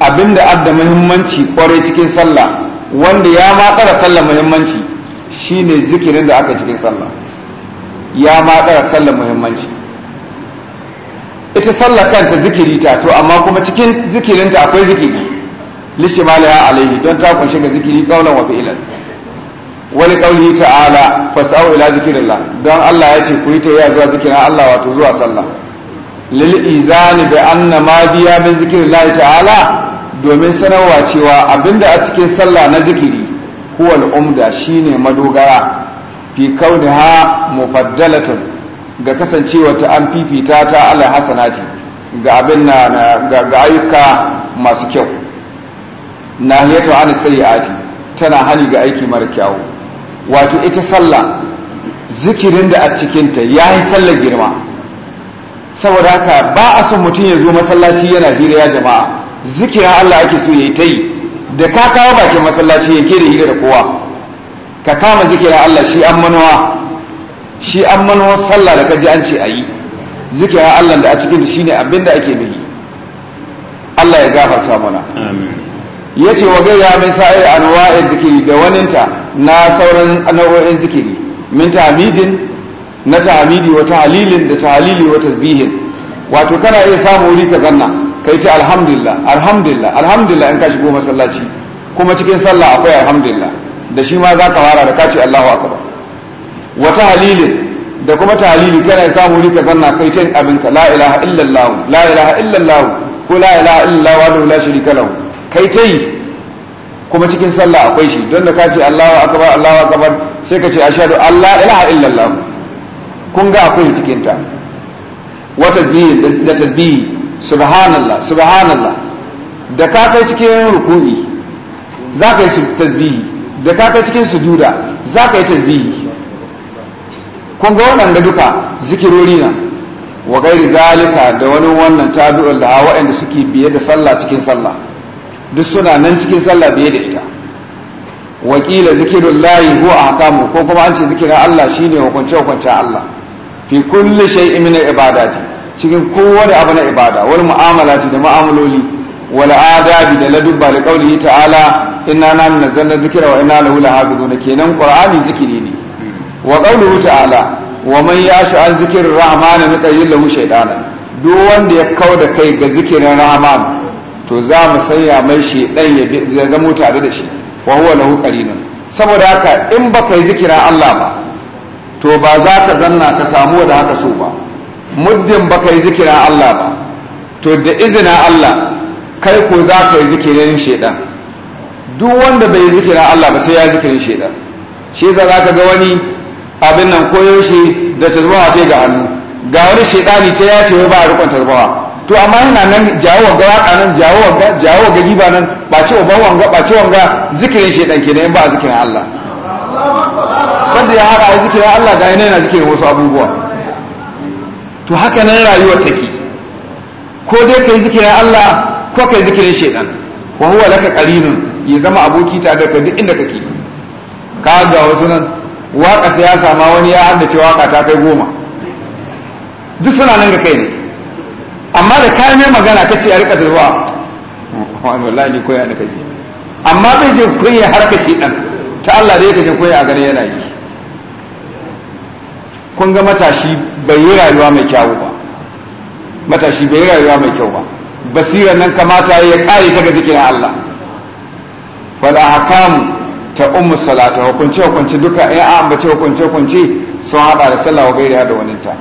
abinda adda muhimmanci kware cikin sallah wanda ya ma kara sallah muhimmanci shine zikirin da aka cikin sallah ya ma kara sallah muhimmanci ita sallah kanta zikiri ta to amma kuma cikin zikirinta akwai zikiri lishtimaliha alaihi don ta kunshi ga zikiri kaulan wa fi'lan wani kauli ta'ala fasau ila zikirillah don Allah ya ce ku yi tayya zuwa zikirin Allah wato zuwa sallah lil izani bi anna ma biya min zikirillah ta'ala domin sanarwa cewa abinda a cikin sallah na zikiri huwa al-umda shine madogara fi kauniha mufaddalatun ga kasancewa ta an fifita ta Allah hasanati ga abin na ga ayyuka masu kyau nahiyatu an sayyiati tana hali ga aiki mara kyawu wato ita sallah zikirin da a cikin ta yayi sallar girma saboda haka ba a son mutum ya zo masallaci yana hira ya jama'a zikirin Allah ake so yayi ta yi da ka kawo bakin masallaci yanke da hira da kowa ka kama zikirin Allah shi an manuwa shi an manuwar sallah da kaji an ce a yi zikirin Allah da a cikin shi ne abin da ake nuhi Allah ya gafarta mana amin ya ce wa gaya min sa'ir anwa'in zikiri da waninta na sauran nau'o'in zikiri min ta'amidin na ta'amidi wa ta'alilin da ta'alili wa tasbihin wato kana iya samu wuri ka zanna kai ta alhamdulillah alhamdulillah alhamdulillah in ka shigo masallaci kuma cikin sallah akwai alhamdulillah da shi ma za ka fara da kace Allahu akbar wa ta'alilin da kuma ta'alili kana iya samu wuri ka zanna kai ta abinka la ilaha illallah la ilaha illallah ko la ilaha illallah wa la sharika lahu kai ta yi kuma cikin sallah akwai shi don da ka ce Allahu akbar Allahu akabar sai ka ce a shaɗu Allah ilaha illallah kun ga akwai cikin ta wata biyu da tasbih subhanallah subhanallah da ka kai cikin ruku'i za ka yi tasbihi da ka kai cikin sujuda za ka yi tasbihi kun ga wannan da duka zikirori na wa gairi zalika da wani wannan tabi'ul da waɗanda suke biye da sallah cikin sallah duk suna nan cikin sallah biye da ita wakila zikirun layi huwa hakamu ko kuma an ce zikirin Allah shine hukunce hukunce Allah fi kulli shay'in min ibadati cikin kowane abu na ibada wal mu'amalati da mu'amaloli wal adabi da ladubba da qaulihi ta'ala inna nan nazzalna zikra wa inna lahu lahabidun kenan qur'ani zikiri ne wa qaulihi ta'ala wa man yashu an zikrir rahman nuqayyil lahu shaytana duk wanda ya kauda kai ga zikirin rahman to za mu sanya mai shi dan ya zamo tare da shi wa huwa lahu qarinun saboda haka in baka yi zikira Allah ba to ba za ka zanna ka samu da haka so ba muddin baka yi zikira Allah ba to da izina Allah kai ko za ka yi zikirin shedan duk wanda bai yi zikira Allah ba sai ya zikirin shedan shi za ka ga wani abin nan koyo shi da tazbawa ta ga hannu ga wani shedani ta yace wai ba a rikon tazbawa to amma yana nan jawo wanga waka nan jawo wanga jawo wanga giba nan ba ce uban wanga ba ce wanga zikirin shedan kenan in ba zikirin Allah sanda ya haka a zikirin Allah ga yana yana zikirin wasu abubuwa to haka nan rayuwar take ko dai kai zikirin Allah ko kai zikirin shedan wa huwa laka qarinun ya zama aboki ta da duk inda kake ka ga wasu nan waka ya sama wani ya haddace waka ta kai goma duk suna nan ga kai ne amma da kayan mai magana ta ce a rika zuwa wani wallahi ni koya na kaji amma bai jin kunya har ka shi dan ta Allah dai ya jin kunya a gare yana yi kun ga matashi bai yi rayuwa mai kyau ba matashi bai yi rayuwa mai kyau ba basira nan kamata ya kare ta ga zikirin Allah wal ahkam ta ummu salata hukunce hukunce duka ai an bace hukunce hukunce sun hada da sallah wa gaira da ta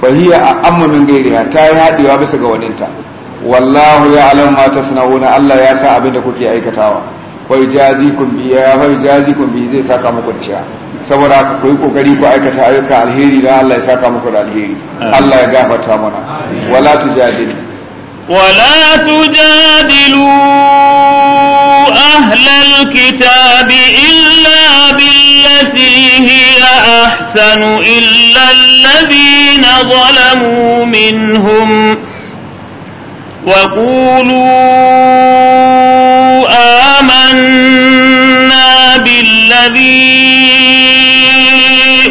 fahiya a amma min gairiya ta yi haɗewa bisa ga waninta wallahu ya alam suna tasnauna Allah ya sa abin da kuke aikatawa wa jazi bi ya zai saka muku da shi'a saboda ku yi kokari ku aikata ayyuka alheri da Allah ya saka muku da alheri Allah ya gafata mana wala tujadilu ولا تجادلوا أهل الكتاب إلا بالتي هي أحسن إلا الذين ظلموا منهم وقولوا آمنا بالذي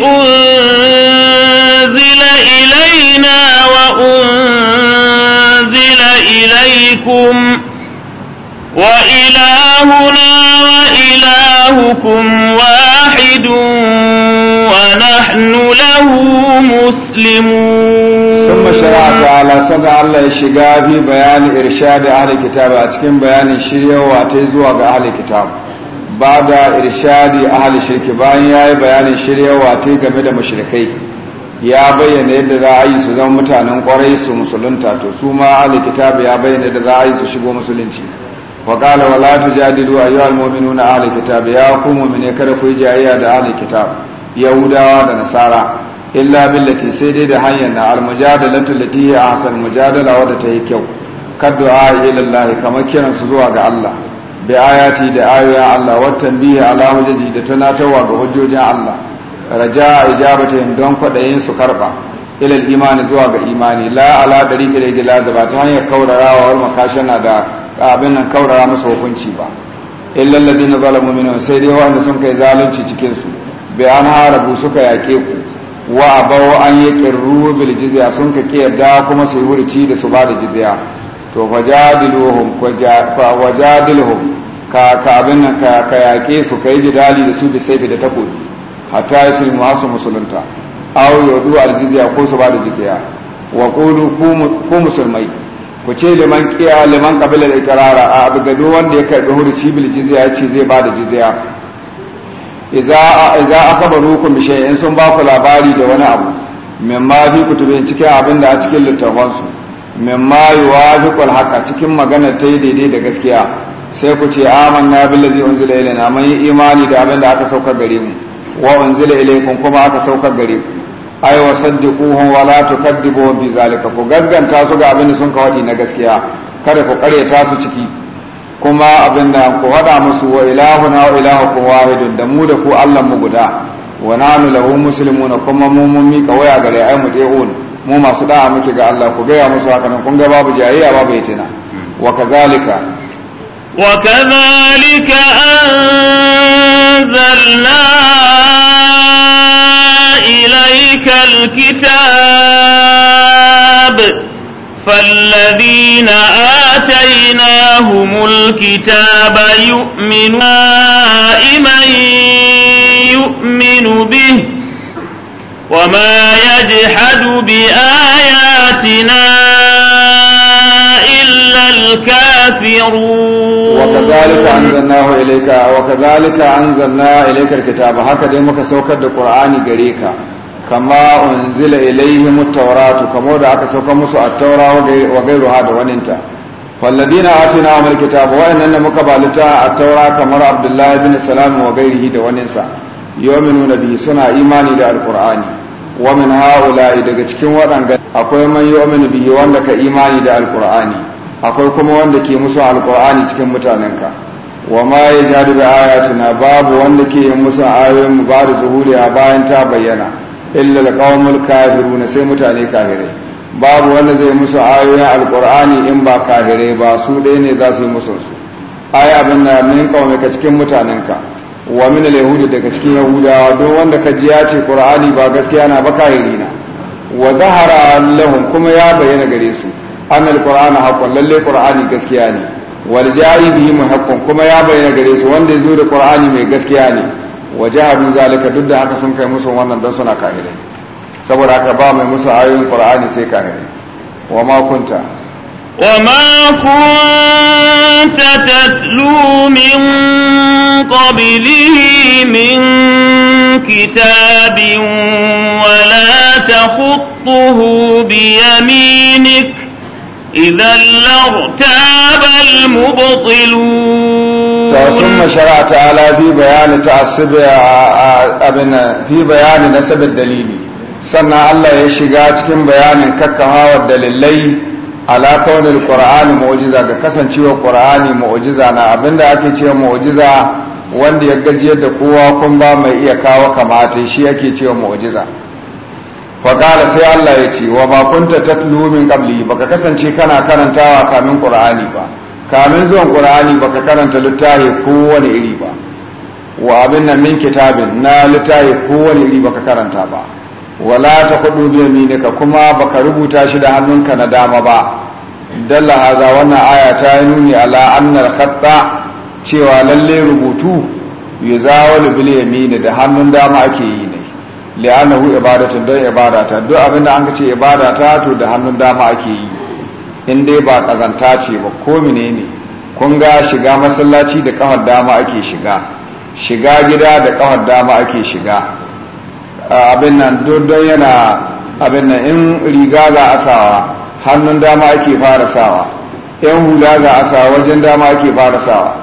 أنزل ربكم وإلهنا وإلهكم واحد ونحن له مسلمون ثم شرع تعالى صدى الله يشجع في بيان إرشاد أهل الكتاب أتكلم بيان الشريعة وأتزوى أهل الكتاب بعد إرشاد أهل الشرك بيان بيان الشريعة وأتي game da mushrikai ya bayyana yadda za a yi su zama mutanen kwarai su musulunta to su ma ahli kitab ya bayyana yadda za a yi su shigo musulunci wa qala wa la tujadilu ayyuhal mu'minuna ahli kitab ya ku mu'mine kada ku yi jayayya da ahli kitab yahudawa da nasara illa billati sai dai da hanyar na almujadalatu lati hiya ahsan mujadala wadda ta yi kyau a ila Allah kamar kiran su zuwa ga Allah bi ayati da ayoyin Allah wa tanbihi ala hujaji da tunatarwa ga hujjojin Allah raja ijabatihim don kwaɗayin su karɓa ilal imani zuwa ga imani la ala dari igla da ba ta hanyar kaurarawa makashi na da abin nan kaurara musu hukunci ba illal ladina zalamu minhum sai dai wanda sun kai zalunci cikin su bi an harabu suka yake ku wa abaw an yaqirru bil jizya sun ka kiyarda kuma su wurci da su ba da jizya to fajadiluhum wajadiluhum ka abin nan ka ka yake su kai jidali da su bi sai da takobi hatta yaslimu masu musulunta aw yudu aljizya ko su ba da jikiya wa qulu ku musulmai ku ce liman qiya liman qabila al-iqrara a abgado wanda ya karbi hurci bil jizya ce zai ba da jizya idza idza akhbarukum bi shay'in sun ba ku labari da wani abu mimma fi kutubin cikin abin da a cikin littafansu mimma yuwafiqu al-haqa cikin magana ta daidai da gaskiya sai ku ce amanna billazi unzila ilayna mai yi imani da abin da aka saukar gare mu wa unzila ilaykum kuma aka saukar gare ku ai wa saddiquhum wa la bi zalika ku gasganta su ga abin da sun wadi na gaskiya kada ku kareta su ciki kuma abin da ku hada musu wa ilahuna wa ilahukum wahidun da mu da ku Allah mu guda wa nanu lahu muslimuna kuma mu mun mika waya gare ai hon mu masu da'a muke ga Allah ku gaya musu haka nan kun ga babu jayayya babu yatina wa kazalika وكذلك أنزلنا إليك الكتاب فالذين آتيناهم الكتاب يؤمن من يؤمن به وما يجحد بآياتنا الكافرون وكذلك أنزلناه إليك وكذلك أنزلنا إليك الكتاب هكذا مك سوكد القرآن غريكا كما أنزل إليهم التوراة كما دعك سوك موسى التوراة وغيرها دوننتا والذين آتيناهم الكتاب وإننا مكبالتا التوراة كما عبد الله بن سلام وغيره دوننسا يؤمنون به سنة إيماني للقرآن ومن هؤلاء daga cikin waɗanda akwai man yu'minu bihi wanda ka imani da alqur'ani akwai kuma wanda ke musu alkur'ani cikin mutanenka wa ma ya jadu bi ayatuna babu wanda ke yin musu ayoyin mu ba da a bayan ta bayyana illa kafiru na sai mutane kafirai babu wanda zai musu ayoyin alkur'ani in ba kafirai ba su ɗaya ne za su yi musu su ai abin da min ka cikin mutanenka wa min alyahudi daga cikin yahudawa don wanda ka ji ya ce qur'ani ba gaskiya na ba kafiri na wa zahara lahum kuma ya bayyana gare su annal qur'ana haqqan lalle qur'ani gaskiya ne wal jari bihi haqqan kuma ya bayyana gare su wanda ya zo da qur'ani mai gaskiya ne wajahadu zalika duk da haka sun kai musu wannan don suna kafirai saboda haka ba mai musu ayoyin qur'ani sai kafirai wa ma kunta wa kitabin wa la takhuttuhu bi إذا لارتاب المبطلون ثم شرع تعالى في بيان تعصب أبنا في بيان نسب الدليل سنة الله يشيغا cikin bayanin kakkawar dalilai ala kaunil qur'ani mu'jiza ga kasancewar qur'ani mu'jiza na abinda ake cewa mu'jiza wanda ya gajiyar da kowa kun ba mai iya kawo kamata shi ake cewa mu'jiza faƙala sai Allah ya ce wa bakunta ta min ƙabli baka kasance kana karantawa kamin ƙur'ani ba kamin zuwan ƙur'ani baka karanta littafi kowane iri ba wa abin nan min kitabin na littafi kowane iri baka karanta ba wala ta kudu bi yaminika kuma baka rubuta shi da hannunka na dama ba dalla haza wannan aya ta nuni ala annal khatta cewa lalle rubutu yuzawalu bil da hannun dama ake yi lianahu ibadatun don ibadata duk abin da an ka ce ibadata to da hannun dama ake yi in dai ba kazanta ce ba ko ne kun ga shiga masallaci da kafar dama ake shiga shiga gida da kafar dama ake shiga abin nan don yana abin nan in riga za a sawa hannun dama ake fara sawa in hula za a sawa wajen dama ake fara sawa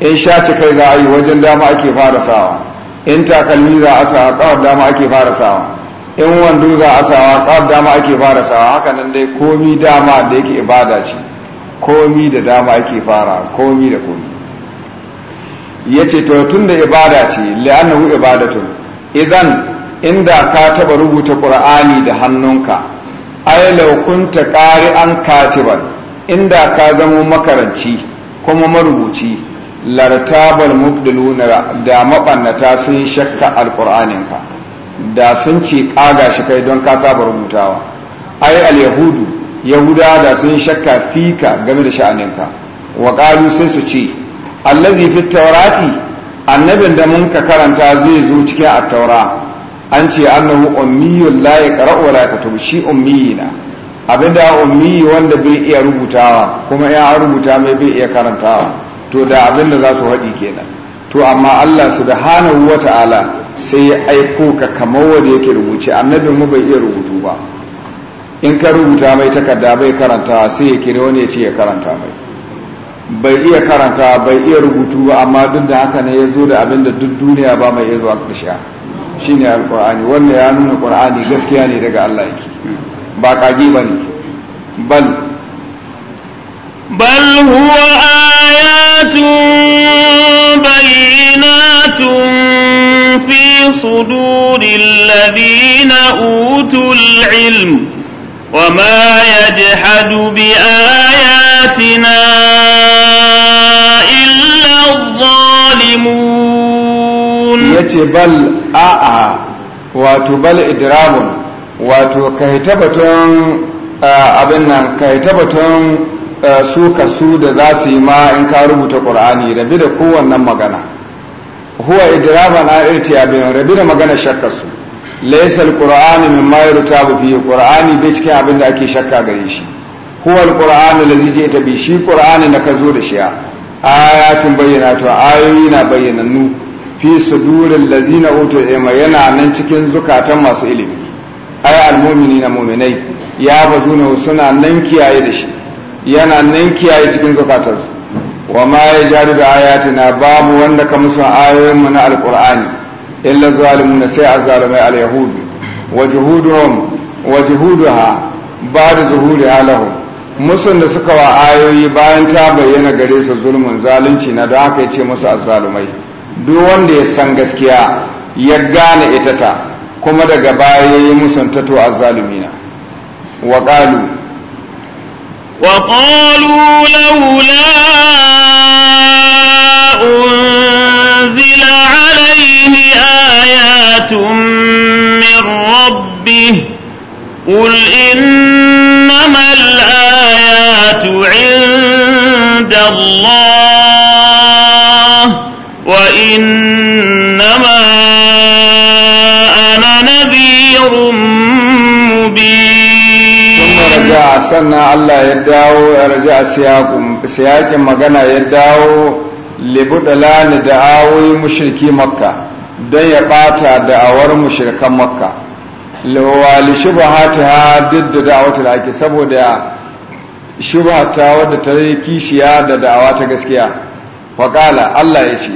in shaci kai za a yi wajen dama ake fara sawa in takalmi za a sawa kawar dama ake fara sawa in wando za a sawa kawar dama ake fara sawa haka nan dai komi dama da yake ibada ce komi da dama ake fara komi da komi ya ce to tun da ibada ce li'annahu ibadatun idan inda ka taba rubuta qur'ani da hannunka ai law kunta qari'an katiban inda ka zama makaranci kuma marubuci lartabal mubdiluna da mabannata sun shakka ka da sun ce kaga shi kai don ka saba rubutawa ai alyahudu yahuda da sun shakka fika game da sha'aninka wa qalu sai su ce allazi fit tawrati annabin da mun ka karanta zai zo cikin attaura? taura an ce annahu ummiyul la yaqra wa la yaktubu shi ummiyina abinda ummi wanda bai iya rubutawa kuma ya rubuta mai bai iya karantawa to da abin da za su haɗi kenan to amma Allah su da hana wa ta'ala sai ya aiko ka kamar wanda yake rubuce annabin mu bai iya rubutu ba in ka rubuta mai takarda bai karanta sai ya kira wani ya ce ya karanta mai bai iya karanta bai iya rubutu ba amma duk da haka ne ya zo da abin da duk duniya ba mai iya zuwa ƙarshe shine alqur'ani wannan ya nuna qur'ani gaskiya ne daga Allah yake ba kage bane bal بل هو آيات بينات في صدور الذين أوتوا العلم وما يجحد بآياتنا إلا الظالمون يتي بل آآ wato bal idramun wato kai tabbatun abin nan kai tabbatun Eh, su kasu da za su yi ma in ka rubuta ƙur'ani rabi da kowannan magana huwa idraba na irtiya bayan rabi da magana shakka su laysa alqur'anu ta bufi fihi qur'ani bai cikin abin da ake shakka gare shi huwa alqur'anu alladhi jaita bi shi qur'ani na kazo da shi ayatin to ayoyi na bayyanannu fi suduril ladina utul ilma yana nan cikin zukatan masu ilimi ay na mu'minai ya bazuna suna nan kiyaye da shi yana nan kiyaye cikin zukatarsu wa ma ya jari da na babu wanda ka musu ayoyinmu na alkur'ani illa zalimuna sai azzalumai al wa juhuduhum wa juhuduha ba'da zuhuri alahu musun da suka wa ayoyi bayan ta bayyana gare su zulmun zalunci na da aka ce musu azzalumai duk wanda ya san gaskiya ya gane ita ta kuma daga baya yi musun tato azzalumina wa qalu وقالوا لولا أنزل عليه آيات من ربه قل إنما الآيات عند الله وإن sannan Allah ya dawo ya raja siyakin magana ya dawo libudalani da awoyi mushriki makka don ya ɓata da'awar mushrikan makka lawali shubhati ha duk da da'awatul haqi saboda ta wadda ta yi kishiya da da'awa ta gaskiya Wakala Allah ya ce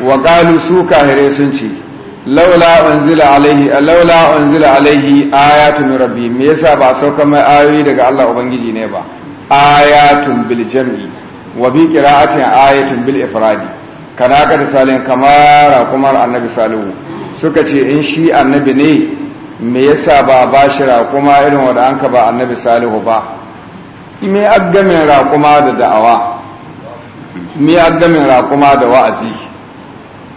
wa qalu su kahire sun ce laula unzila alaihi laula unzila alaihi ayatun rabbi me yasa ba sauka mai ayoyi daga Allah ubangiji ne ba ayatun bil jam'i wa bi qira'ati ayatun bil ifradi kana ka salin kamara kuma annabi salihu suka ce in shi annabi ne me yasa ba bashira kuma irin wanda anka ba annabi salihu ba me aggamin raƙuma da da'awa me aggamin raƙuma da wa'azi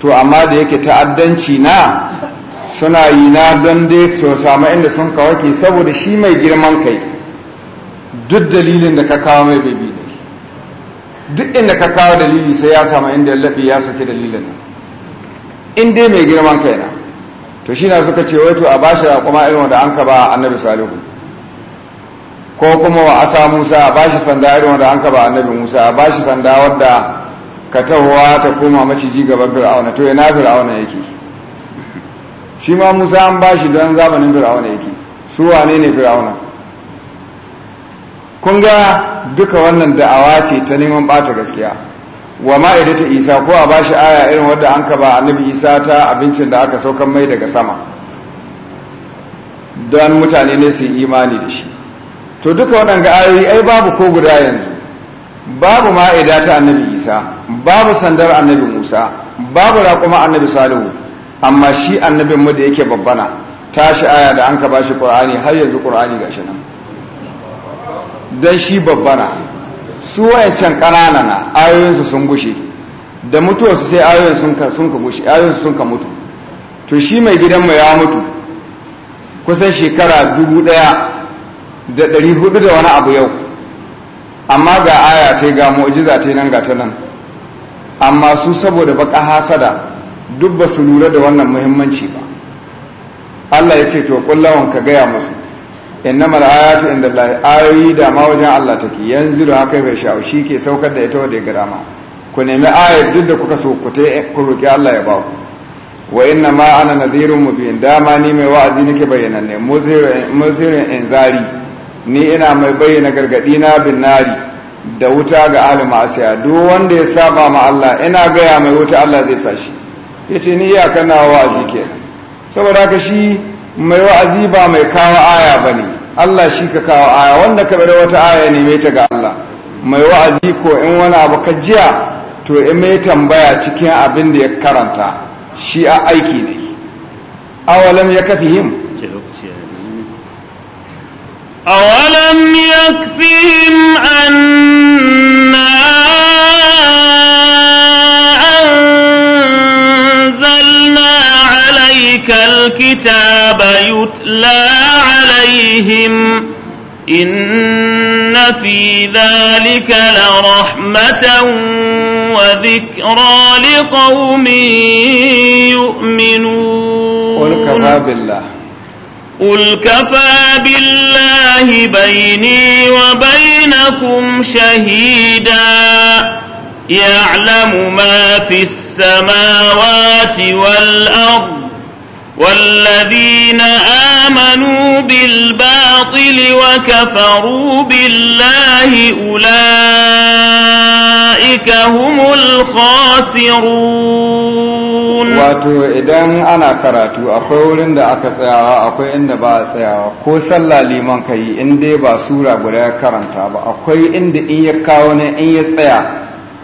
to amma da yake ta'addanci na suna yi na don dai su samu inda sun kawake saboda shi mai girman kai duk dalilin da ka kawo mai bebi ne duk inda ka kawo dalili sai ya samu inda ya laɓe ya sauke dalilin nan in dai mai girman kai na to shi na suka ce wato a bashi a kuma irin wanda an ka ba annabi salihu ko kuma wa asa musa a bashi sanda irin wanda an ka ba annabi musa a bashi sanda wadda ka ta koma maciji gaban fir'auna to yana fir'auna yake shi ma musa an ba shi don zamanin fir'auna yake su wane ne fir'auna kun ga duka wannan da'awa ce ta neman bata gaskiya wa ma'ida ta isa ko a ba shi aya irin wadda an ka ba annabi isa ta abincin da aka saukan mai daga sama don mutane ne su imani da shi to duka waɗanga ayoyi ai babu ko guda yanzu babu ma'ida ta annabi isa babu sandar annabi musa babu raƙuma annabi salihu amma shi annabin mu da yake babbana tashi aya da an ka bashi qur'ani har yanzu qur'ani gashi nan dan shi babbana su wayancan kanana na ayoyinsu sun gushe da mutuwarsu sai ayoyin sun ka sun ka gushe ayoyinsu sun ka mutu to shi mai gidan mu ya mutu kusan shekara dubu ɗaya da ɗari hudu da wani abu yau amma ga aya ta ga mu'jiza ta nan ga ta nan amma su saboda baka hasada duk ba su lura da wannan muhimmanci ba Allah ya ce to kullawan ka gaya musu innamal ayatu inda Allah ayoyi da ma wajen Allah take yanzu da haka bai sha'u shi ke saukar da ita wadda ya ku nemi aya duk da kuka so ku ta ku roki Allah ya ba ku wa inna ma ana nadhirun mubin dama ni mai wa'azi nake bayyana ne muzirin inzari ni ina mai bayyana gargaɗi na bin nari da wuta ga ahli ma'asiya duk wanda ya saba ma Allah ina gaya mai wuta Allah zai sa shi yace ni ya na wa'azi ke. saboda haka shi mai wa'azi ba mai kawo aya ba ne. Allah shi ka kawo aya wanda ka bari wata aya ne mai ta ga Allah mai wa'azi ko in wani abu ka jiya to in mai tambaya cikin abin da ya karanta shi a aiki ne awalam ya kafihim أولم يكفهم أنا أنزلنا عليك الكتاب يتلى عليهم إن في ذلك لرحمة وذكرى لقوم يؤمنون قل كفى بالله قل كفى بالله بيني وبينكم شهيدا يعلم ما في السماوات والأرض والذين آمنوا بالباطل وكفروا بالله أولئك هم الخاسرون wato idan ana karatu akwai wurin da aka tsayawa akwai inda ba tsayawa ko sallah liman ka yi in dai ba sura guda ya karanta ba akwai inda in ya kawo ne in ya tsaya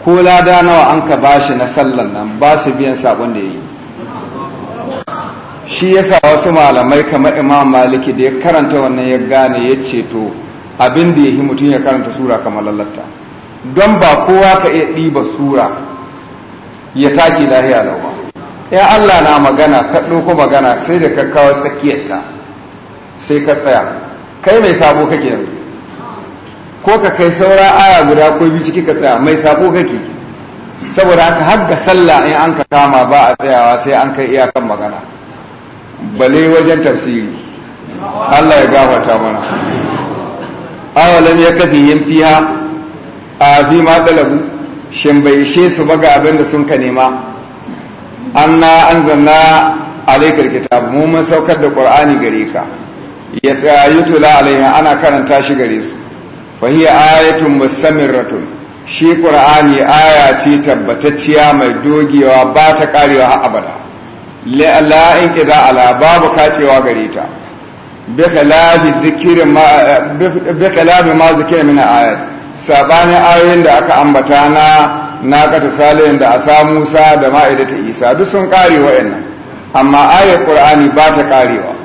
ko lada nawa an ka bashi na sallar nan ba su biyan sabon da ya yi shi ya sa wasu malamai kamar imam maliki da ya karanta wannan ya gane ya ce to abin da ya yi mutum ya karanta sura kamar lallata don ba kowa ka iya ɗiba sura ya taki lahiya lau ba ya Allah na magana ka ɗauko magana sai da ka kawo tsakiyarta sai ka tsaya kai mai sabo kake yanzu ko ka kai saura aya guda ko bi ciki ka tsaya mai sabo kake saboda haka har ga sallah in an ka kama ba a tsayawa sai an kai iyakan magana bale wajen tafsiri Allah ya gafata mana awalan ya kafi yin fiha a fi ma dalabu shin bai ishe su ba ga abin da sun ka nema anna anzalna alaikal kitab mu mun saukar da qur'ani gare ka ya tayutula alaiha ana karanta shi gare su fa hiya ayatun musammiratun shi qur'ani aya ce tabbatacciya mai dogewa ba ta karewa har abada la'in ƙida ala babu kacewa gare ta bi khilafi ma zuke min ayat sabanin ayoyin da aka ambata na naqata salihin da asa Musa da ma'idata Isa duk sun kare wa'annan amma ayar ƙur'ani ba ta karewa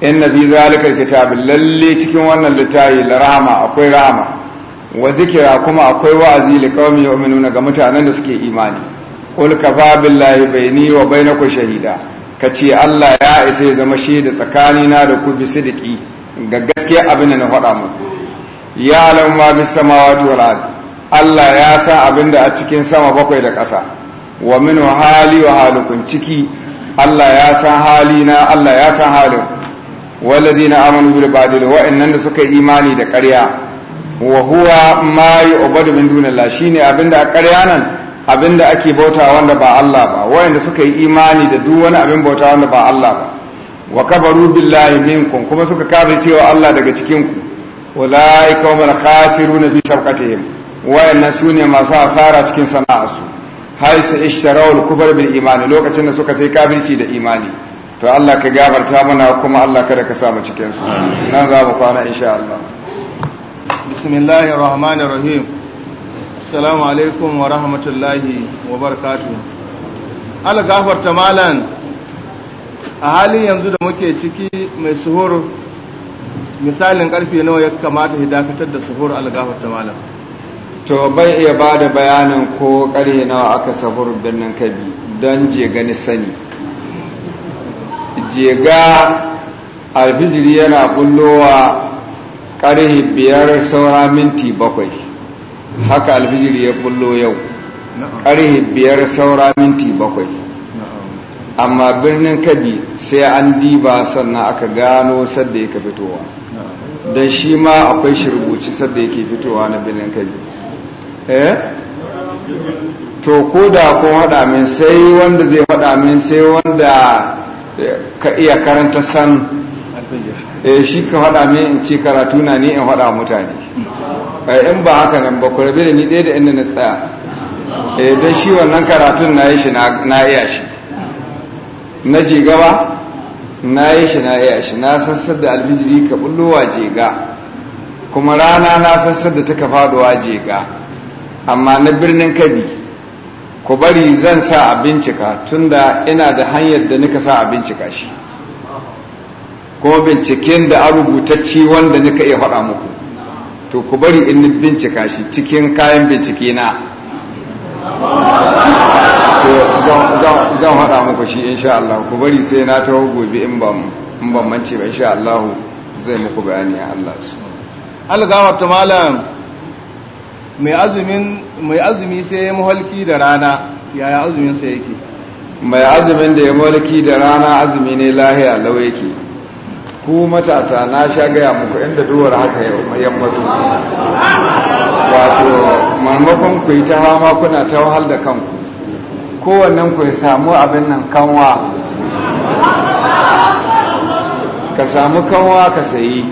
inna fi zalikal kitab lalle cikin wannan littafi la rahama akwai rahama wa zikira kuma akwai wa'azi li qaumi yu'minuna ga mutanen da suke imani qul kafa billahi baini wa bainakum shahida kace Allah ya isa ya zama shaida na da ku bi sidiki ga gaskiya abin da na faɗa muku ya lam ma bis samawati wal ard Allah ya sa abin da a cikin sama bakwai da ƙasa wa min hali wa halukum ciki Allah ya san na? Allah ya san halin walladina amanu bil badil wa'annan da suka imani da ƙarya wa huwa ma yu'badu min dunillahi shine abinda a ƙarya nan abinda ake bauta wanda ba Allah ba wayanda suka yi imani da duk wani abin bauta wanda ba Allah ba wa kabaru billahi minkum kuma suka kafir wa Allah daga cikin ku ulaika hum al-khasirun bi wa wayannan sune masu asara cikin sana'arsu haisu ishtaraw al-kubr bil iman lokacin da suka sai kafirci da imani to Allah ka gafarta mana kuma Allah kada ka sa mu cikin su nan za mu kwana insha Allah bismillahir rahmanir rahim assalamu alaikum wa rahmatullahi wa barakatu ala gafarta malan a halin yanzu da muke ciki mai suhur misalin karfe nawa ya kamata ya dakatar da suhur AlGafar gafarta malan to bai iya ba da bayanin ko karfe nawa aka sahur birnin kabi don je gani sani jega alfijiri yana bullowa karfe biyar saura minti bakwai haka alfijir ya bullo yau ƙarhe biyar saura minti bakwai amma birnin kabi sai an diba sannan aka gano sadda yake fitowa don shi ma akwai shirbuci sadda yake fitowa na birnin kabi eh to ko da kun haɗa min sai wanda zai haɗa min sai wanda ka iya karanta san eh, shi ka haɗa min in ce karatu na ne in haɗa mutane in ba haka nan ba ku rabe da ni ɗaya da inda na tsaya eh don shi wannan karatun na yi shi na iya shi na jigaba na yi shi na iya shi na sassar da albijiri ka bullowa jega kuma rana na sassar da taka faduwa jega amma na birnin kabi ku bari zan sa a bincika tunda ina da hanyar da nika sa a bincika shi ko binciken da a rubutacci wanda nika iya faɗa muku to ku bari in bincika shi cikin kayan bincike na zan haɗa muku shi insha Allah ku bari sai na ta gobe in ban mance ba insha Allah zai muku bayani a Allah su algawa ta malam mai azumi sai ya muhalki da rana yaya azumin sa yake mai azumin da ya muhalki da rana azumi ne lahiya lau yake ku matasa na sha gaya muku inda duwar haka ya matsu wato maimakon ku yi ta hama kuna ta wahal da kanku kowannen ku ya samu abin nan kanwa ka samu kanwa ka sayi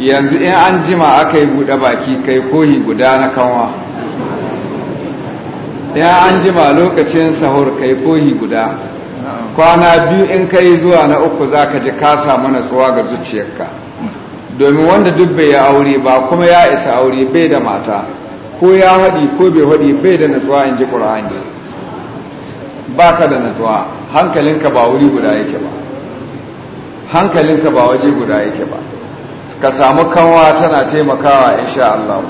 yanzu in an jima aka yi buɗe baki kai kohi guda na kanwa ya an jima lokacin sahur kai kohi guda kwana biyu in ka yi zuwa na uku za ka ji ka samu natsuwa ga zuciyarka domin wanda duk bai ya aure ba kuma ya isa aure bai da mata ko ya haɗi ko bai haɗi bai da natsuwa in ji ƙura'ani ba ka da natsuwa hankalinka ba wuri guda yake ba hankalinka ba waje guda yake ba ka samu kanwa tana taimakawa insha Allah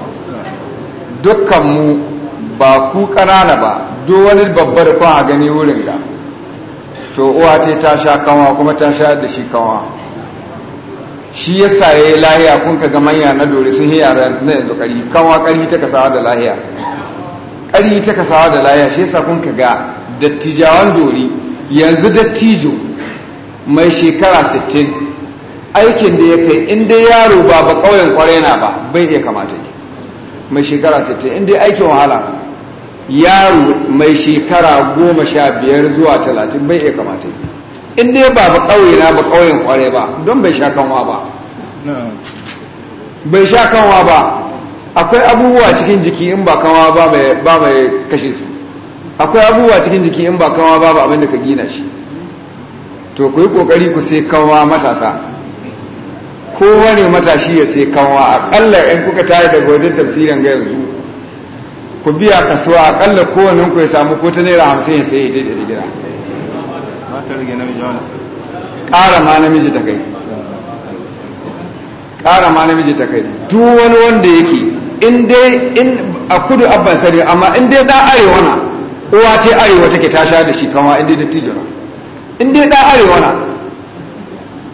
dukkanmu ba ku ƙanana ba duk wani babbar kwa a gani wurin ga to uwa ta ta sha kanwa kuma ta sha da shi kanwa shi ya saye lahiya kun ka ga manya na dore sun hiya yara na yanzu kari kanwa kari ta kasawa da lahiya kari ta kasawa da lahiya shi ya sa kun ka ga dattijawan dori yanzu dattijo mai shekara 60 aikin da ya kai in dai yaro ba ba ƙauyen kwarena ba bai iya kamata mai shekara 60 in dai aikin wahala yaro mai shekara goma sha biyar zuwa talatin bai iya kamata in dai ba ba ƙauye na ba ƙauyen kware ba don bai sha kanwa ba bai sha kanwa ba akwai abubuwa cikin jiki in ba kanwa ba ba mai kashe su akwai abubuwa cikin jiki in ba kanwa ba ba abin da ka gina shi to ku yi ƙoƙari ku sai kanwa matasa kowane matashi ya sai kanwa aƙalla in kuka tare da gwajin tafsirin ga yanzu ku biya kasuwa akalla kowane ku ya samu ko ta naira hamsin ya sai ya je da gida ƙara ma namiji ta kai ƙara ma namiji ta kai duk wani wanda yake in dai in a kudu abban sani amma in dai ɗan arewa na uwa ce arewa take ta sha da shi kanwa in dai dattijo na in dai ɗan arewa na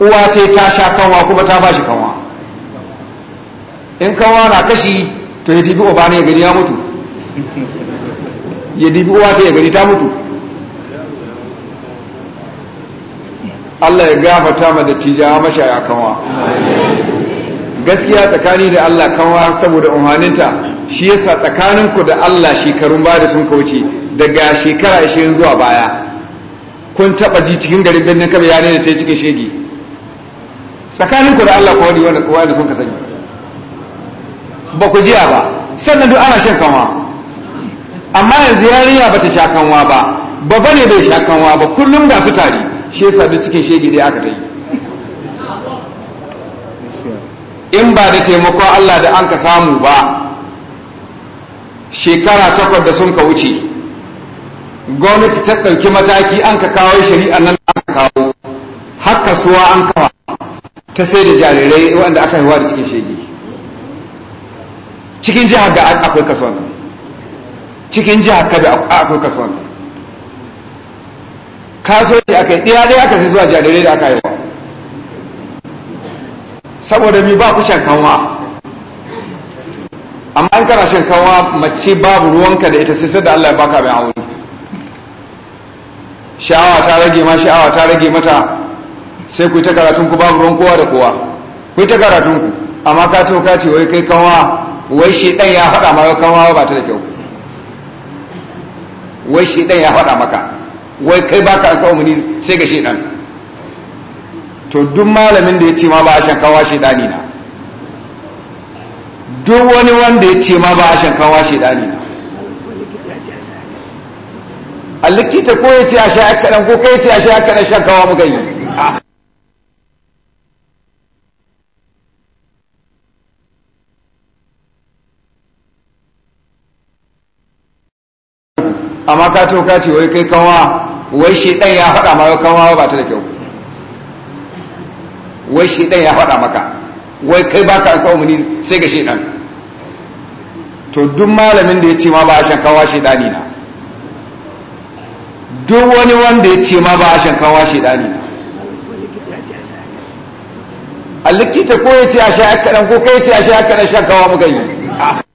uwa ce ta sha kanwa kuma ta ba shi kanwa in kanwa na kashi to ya dibi uba ne gari ya mutu ya dibi uwa ta ya gani ta mutu Allah ya gafata ma da tijawa mashaya kanwa gaskiya tsakani da Allah kanwa saboda umarninta shi yasa tsakaninku da Allah shekarun ba da sun kauce daga shekara ashirin zuwa baya kun taba ji cikin garin birnin kabe ya daina ta yi cikin shege tsakaninku da Allah kawai wanda kowa da sun ka sani ba ku jiya ba sannan duk ana shan kanwa amma yanzu yarinya bata sha kanwa ba babba ne bai sha kanwa ba kullum ga su tare shi yasa duk cikin shege dai aka tai in ba da taimakon Allah da an ka samu ba shekara takwas da sun ka wuce gwamnati ta ɗauki mataki an ka kawo shari'a nan an ka kawo har kasuwa an kawo ta sai da jarirai wanda aka haihuwa da cikin shege cikin jihar ga akwai kasuwa cikin jihar kabe akwai kasuwan kasuwanci aka yi ɗaya ɗaya aka sai zuwa jarirai da aka yi wa saboda mi ba ku shan kanwa amma an kana shan kanwa mace babu ruwanka da ita sai da Allah ya baka bai aure sha'awa ta rage ma sha'awa ta rage mata sai ku yi ta karatun ku babu ruwan kowa da kowa ku yi ta karatun ku amma ka ka ce wai kai kanwa wai shi ɗan ya faɗa ma kanwa ba ta da kyau wai shi ɗan ya faɗa maka wai kai ba ka sa umarni sai ga shi ɗan to duk malamin da ya ce ma ba a shankawa ɗani na duk wani wanda ya ce ma ba a shankawa ɗani na a likita ko ya ce a sha akaɗan ko kai ce a sha akaɗan shankawa muka yi amma ka to ka ce wai kai kanwa wai shi dan ya faɗa ma kanwa ba ta da kyau wai shi dan ya faɗa maka wai kai ba baka mu umuni sai ga shi to duk malamin da ya ce ma ba a shan kanwa shi na duk wani wanda ya ce ma ba a shan kanwa shi na a likita ko ya ce a sha akadan ko kai ya ce a sha akadan shan kanwa muka yi